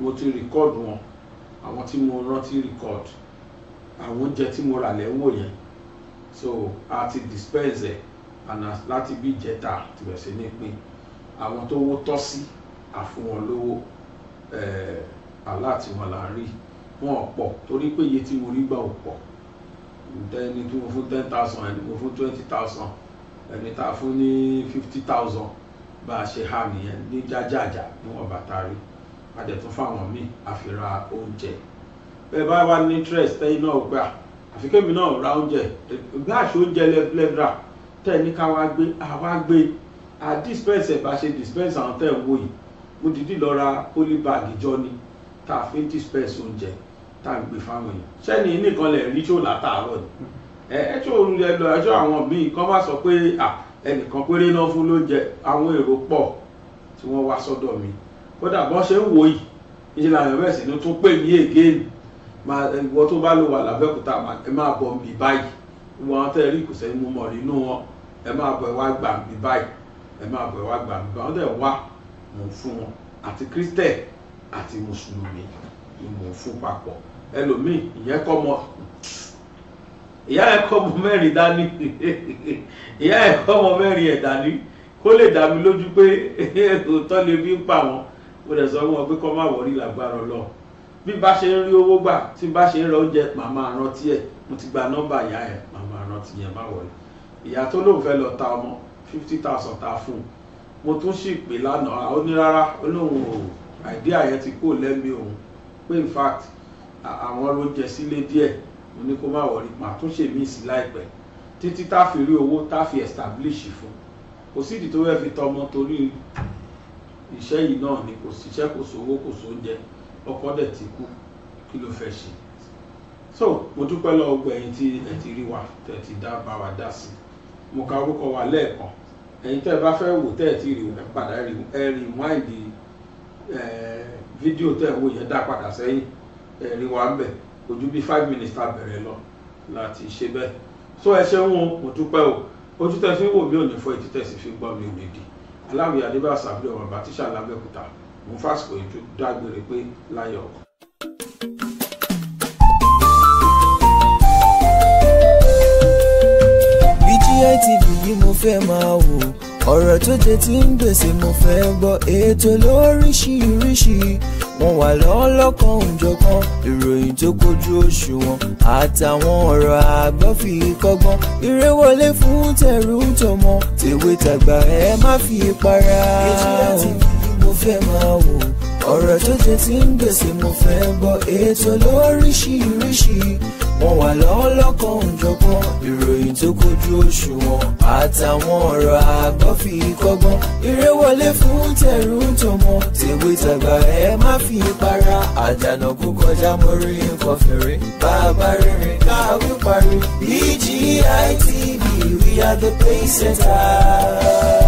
B: mo ti rìkọ́ọ̀dù wọn àwọn tí mo rántí rìkọ́ọ̀dù àwọn oúnjẹ tí mo rà lẹ́wọ̀ yẹn so a ti dispense and láti bí ìjẹta ti bẹ̀rẹ̀ sí ní pín àwọn tó wó tọ́ sí àfún wọn lówó aláàtí eh, wọn là ń rí wọn ò pọ̀ torí pé iye tí mo rí gbà ò pọ̀ ẹni tí mo fún ten thousand ẹni mo fún twenty thousand ẹni tá a fún ní fifty thousand bá a ṣe há nìyẹn ní jájájà ní wọn bàtà rí a dẹ̀ tún fáwọn míì àfihàn oúnjẹ bẹ́ẹ̀ bá wà ní interest ẹ̀yin náà gbà àfikẹ́mi náà ra oúnjẹ bí àṣẹ oúnjẹ lẹ́bra tẹ́ ẹ ní ká wá gbé àwa gbé à dispense ẹ̀ bá ṣe dispense àwọn tẹ́ ẹ wò yìí mo dìídì lọ ra poly bag jọ ni tá a fi ń dispense oúnjẹ tá a gbé fáwọn èèyàn sẹ́ni nìkan lẹ̀ rí tí ó látàárọ̀ ni ẹ ẹ tí òun lẹ lọ ẹjọ́ àwọn míì kan bá sọ pé ẹnìkan péré náà fún lóúnjẹ àwọn èrò pọ̀ tí wọ́n wá sọ́dọ̀ mi kódà bọ́n ṣe ń wò yìí ìṣẹ̀lẹ̀ àyẹ̀wò ẹ̀sìn tún pè mí ègéènì ìwọ tó bá lò wà lábẹ́òkúta ẹ máa bọ̀ mí báyìí wọn tẹ́ rí kò sẹ́yìn mú mọ̀ nínú wọn ẹ máa bọ̀ ẹ wá gbà mí báyìí ẹ máa bọ̀ ẹ wá gbà mí báyìí wọ́n dẹ̀ wá mò ń fún wọn àti kristẹ àti mùsùlùmí ni mò ń fún papọ̀ ẹlòmíì ìyẹn kọ́ mọ ìyá ẹ kọ́ ọmọ mẹ́rin dání <laughs> ìyá ẹ kọ́ ọmọ mẹ́rin ẹ̀ dání kó lè dá mi lójú pé òótọ́ lè bí ń pa wọn mo dẹ̀ sọ fún wọn pé kọ́ má wọrí lágbára ọlọ́run bí n bá ṣe ń rí owó gbà tí n bá ṣe ń ra oúnjẹ màá máa rántí ẹ̀ mo ti gba nọ́mbà ìyá ẹ̀ màá máa rántí yẹn má wọlé ìyá tó lóun fẹ́ lọ ta ọmọ fifty thousand ta fún un mo tún sì pè lánàá ó ní rárá ó lóun ò àìdíà yẹn ti kó lẹ́mí òun pé in fact àwọn oúnjẹ sílé díẹ̀ mo ní kó má wọlé màá tún ṣe mí sí láìpẹ́ títí tá fi rí owó tá fi establish fún kò sídìí tó fẹ́ fi tọmọ torí iṣẹ́ yìí náà ni kò síṣẹ́ kò sówó kò sóúnjẹ. So ọkọ dẹ̀ ti kú kí ló fẹ́ ṣe so mo dúpẹ́ lọ́wọ́ gbogbo ẹ̀yin tí ẹ ti rí wa tẹ̀ ti dá bá wa dá sí mo ka orúkọ wa lẹ́ẹ̀kan ẹ̀yin tẹ́ ẹ bá fẹ́ wò tẹ́ ti rí ẹ padà ẹ rí wáìdì fídíò tẹ́ wò yẹn dá padà sẹ́yìn ẹ wa ń bẹ̀ ojú bí five minutes ta bẹ̀rẹ̀ lọ láti ṣe bẹ́ẹ̀ so ẹ ṣeun mo dúpẹ́ o ojú tẹ́ fi ń wò mí ò ní fọ́ ètí tẹ́ sì fi gbọ́ mi ò lè dì aláwìyá adébáṣà bí ọmọ bàtíṣà lábẹ́òkúta mo fásitì ìjọ dágbére pé láyọ̀ ọkọ.
A: BGI TV yìí mo fẹ́ máa wò ọ̀rọ̀ tó jẹ ti ń gbèsè mo fẹ́ gbọ́ ètò lóríṣiríṣi wọn wà lọ́lọ́kan òjọ̀kan ìròyìn tó kojú òṣùwọ̀n àtàwọn ọ̀rọ̀ àgbọ́ fi kọ́gbọ́n eré wọlé fún tẹrú tọmọ tèwe tàgbà ẹ má fi para. ètò fẹ́ máa wò ọ̀rọ̀ tó jẹ ti ń gbèsè mo fẹ́ gbọ́ ètò lóríṣiríṣi wọn wà lọ́wọ́ lọ́kàn òjọ̀gbọ́n ìròyìn tó kojú òṣùwọ̀n àtàwọn ọ̀rọ̀ àgbọ̀fì kọ́gbọ́n eré wọlé fún tẹ̀rù tọmọ tèwe tàgbà ẹ má fi para àdànà kó kọjá mo nǹkan fèrè bàbá rere káwé parí BGI e TV we are the pace setters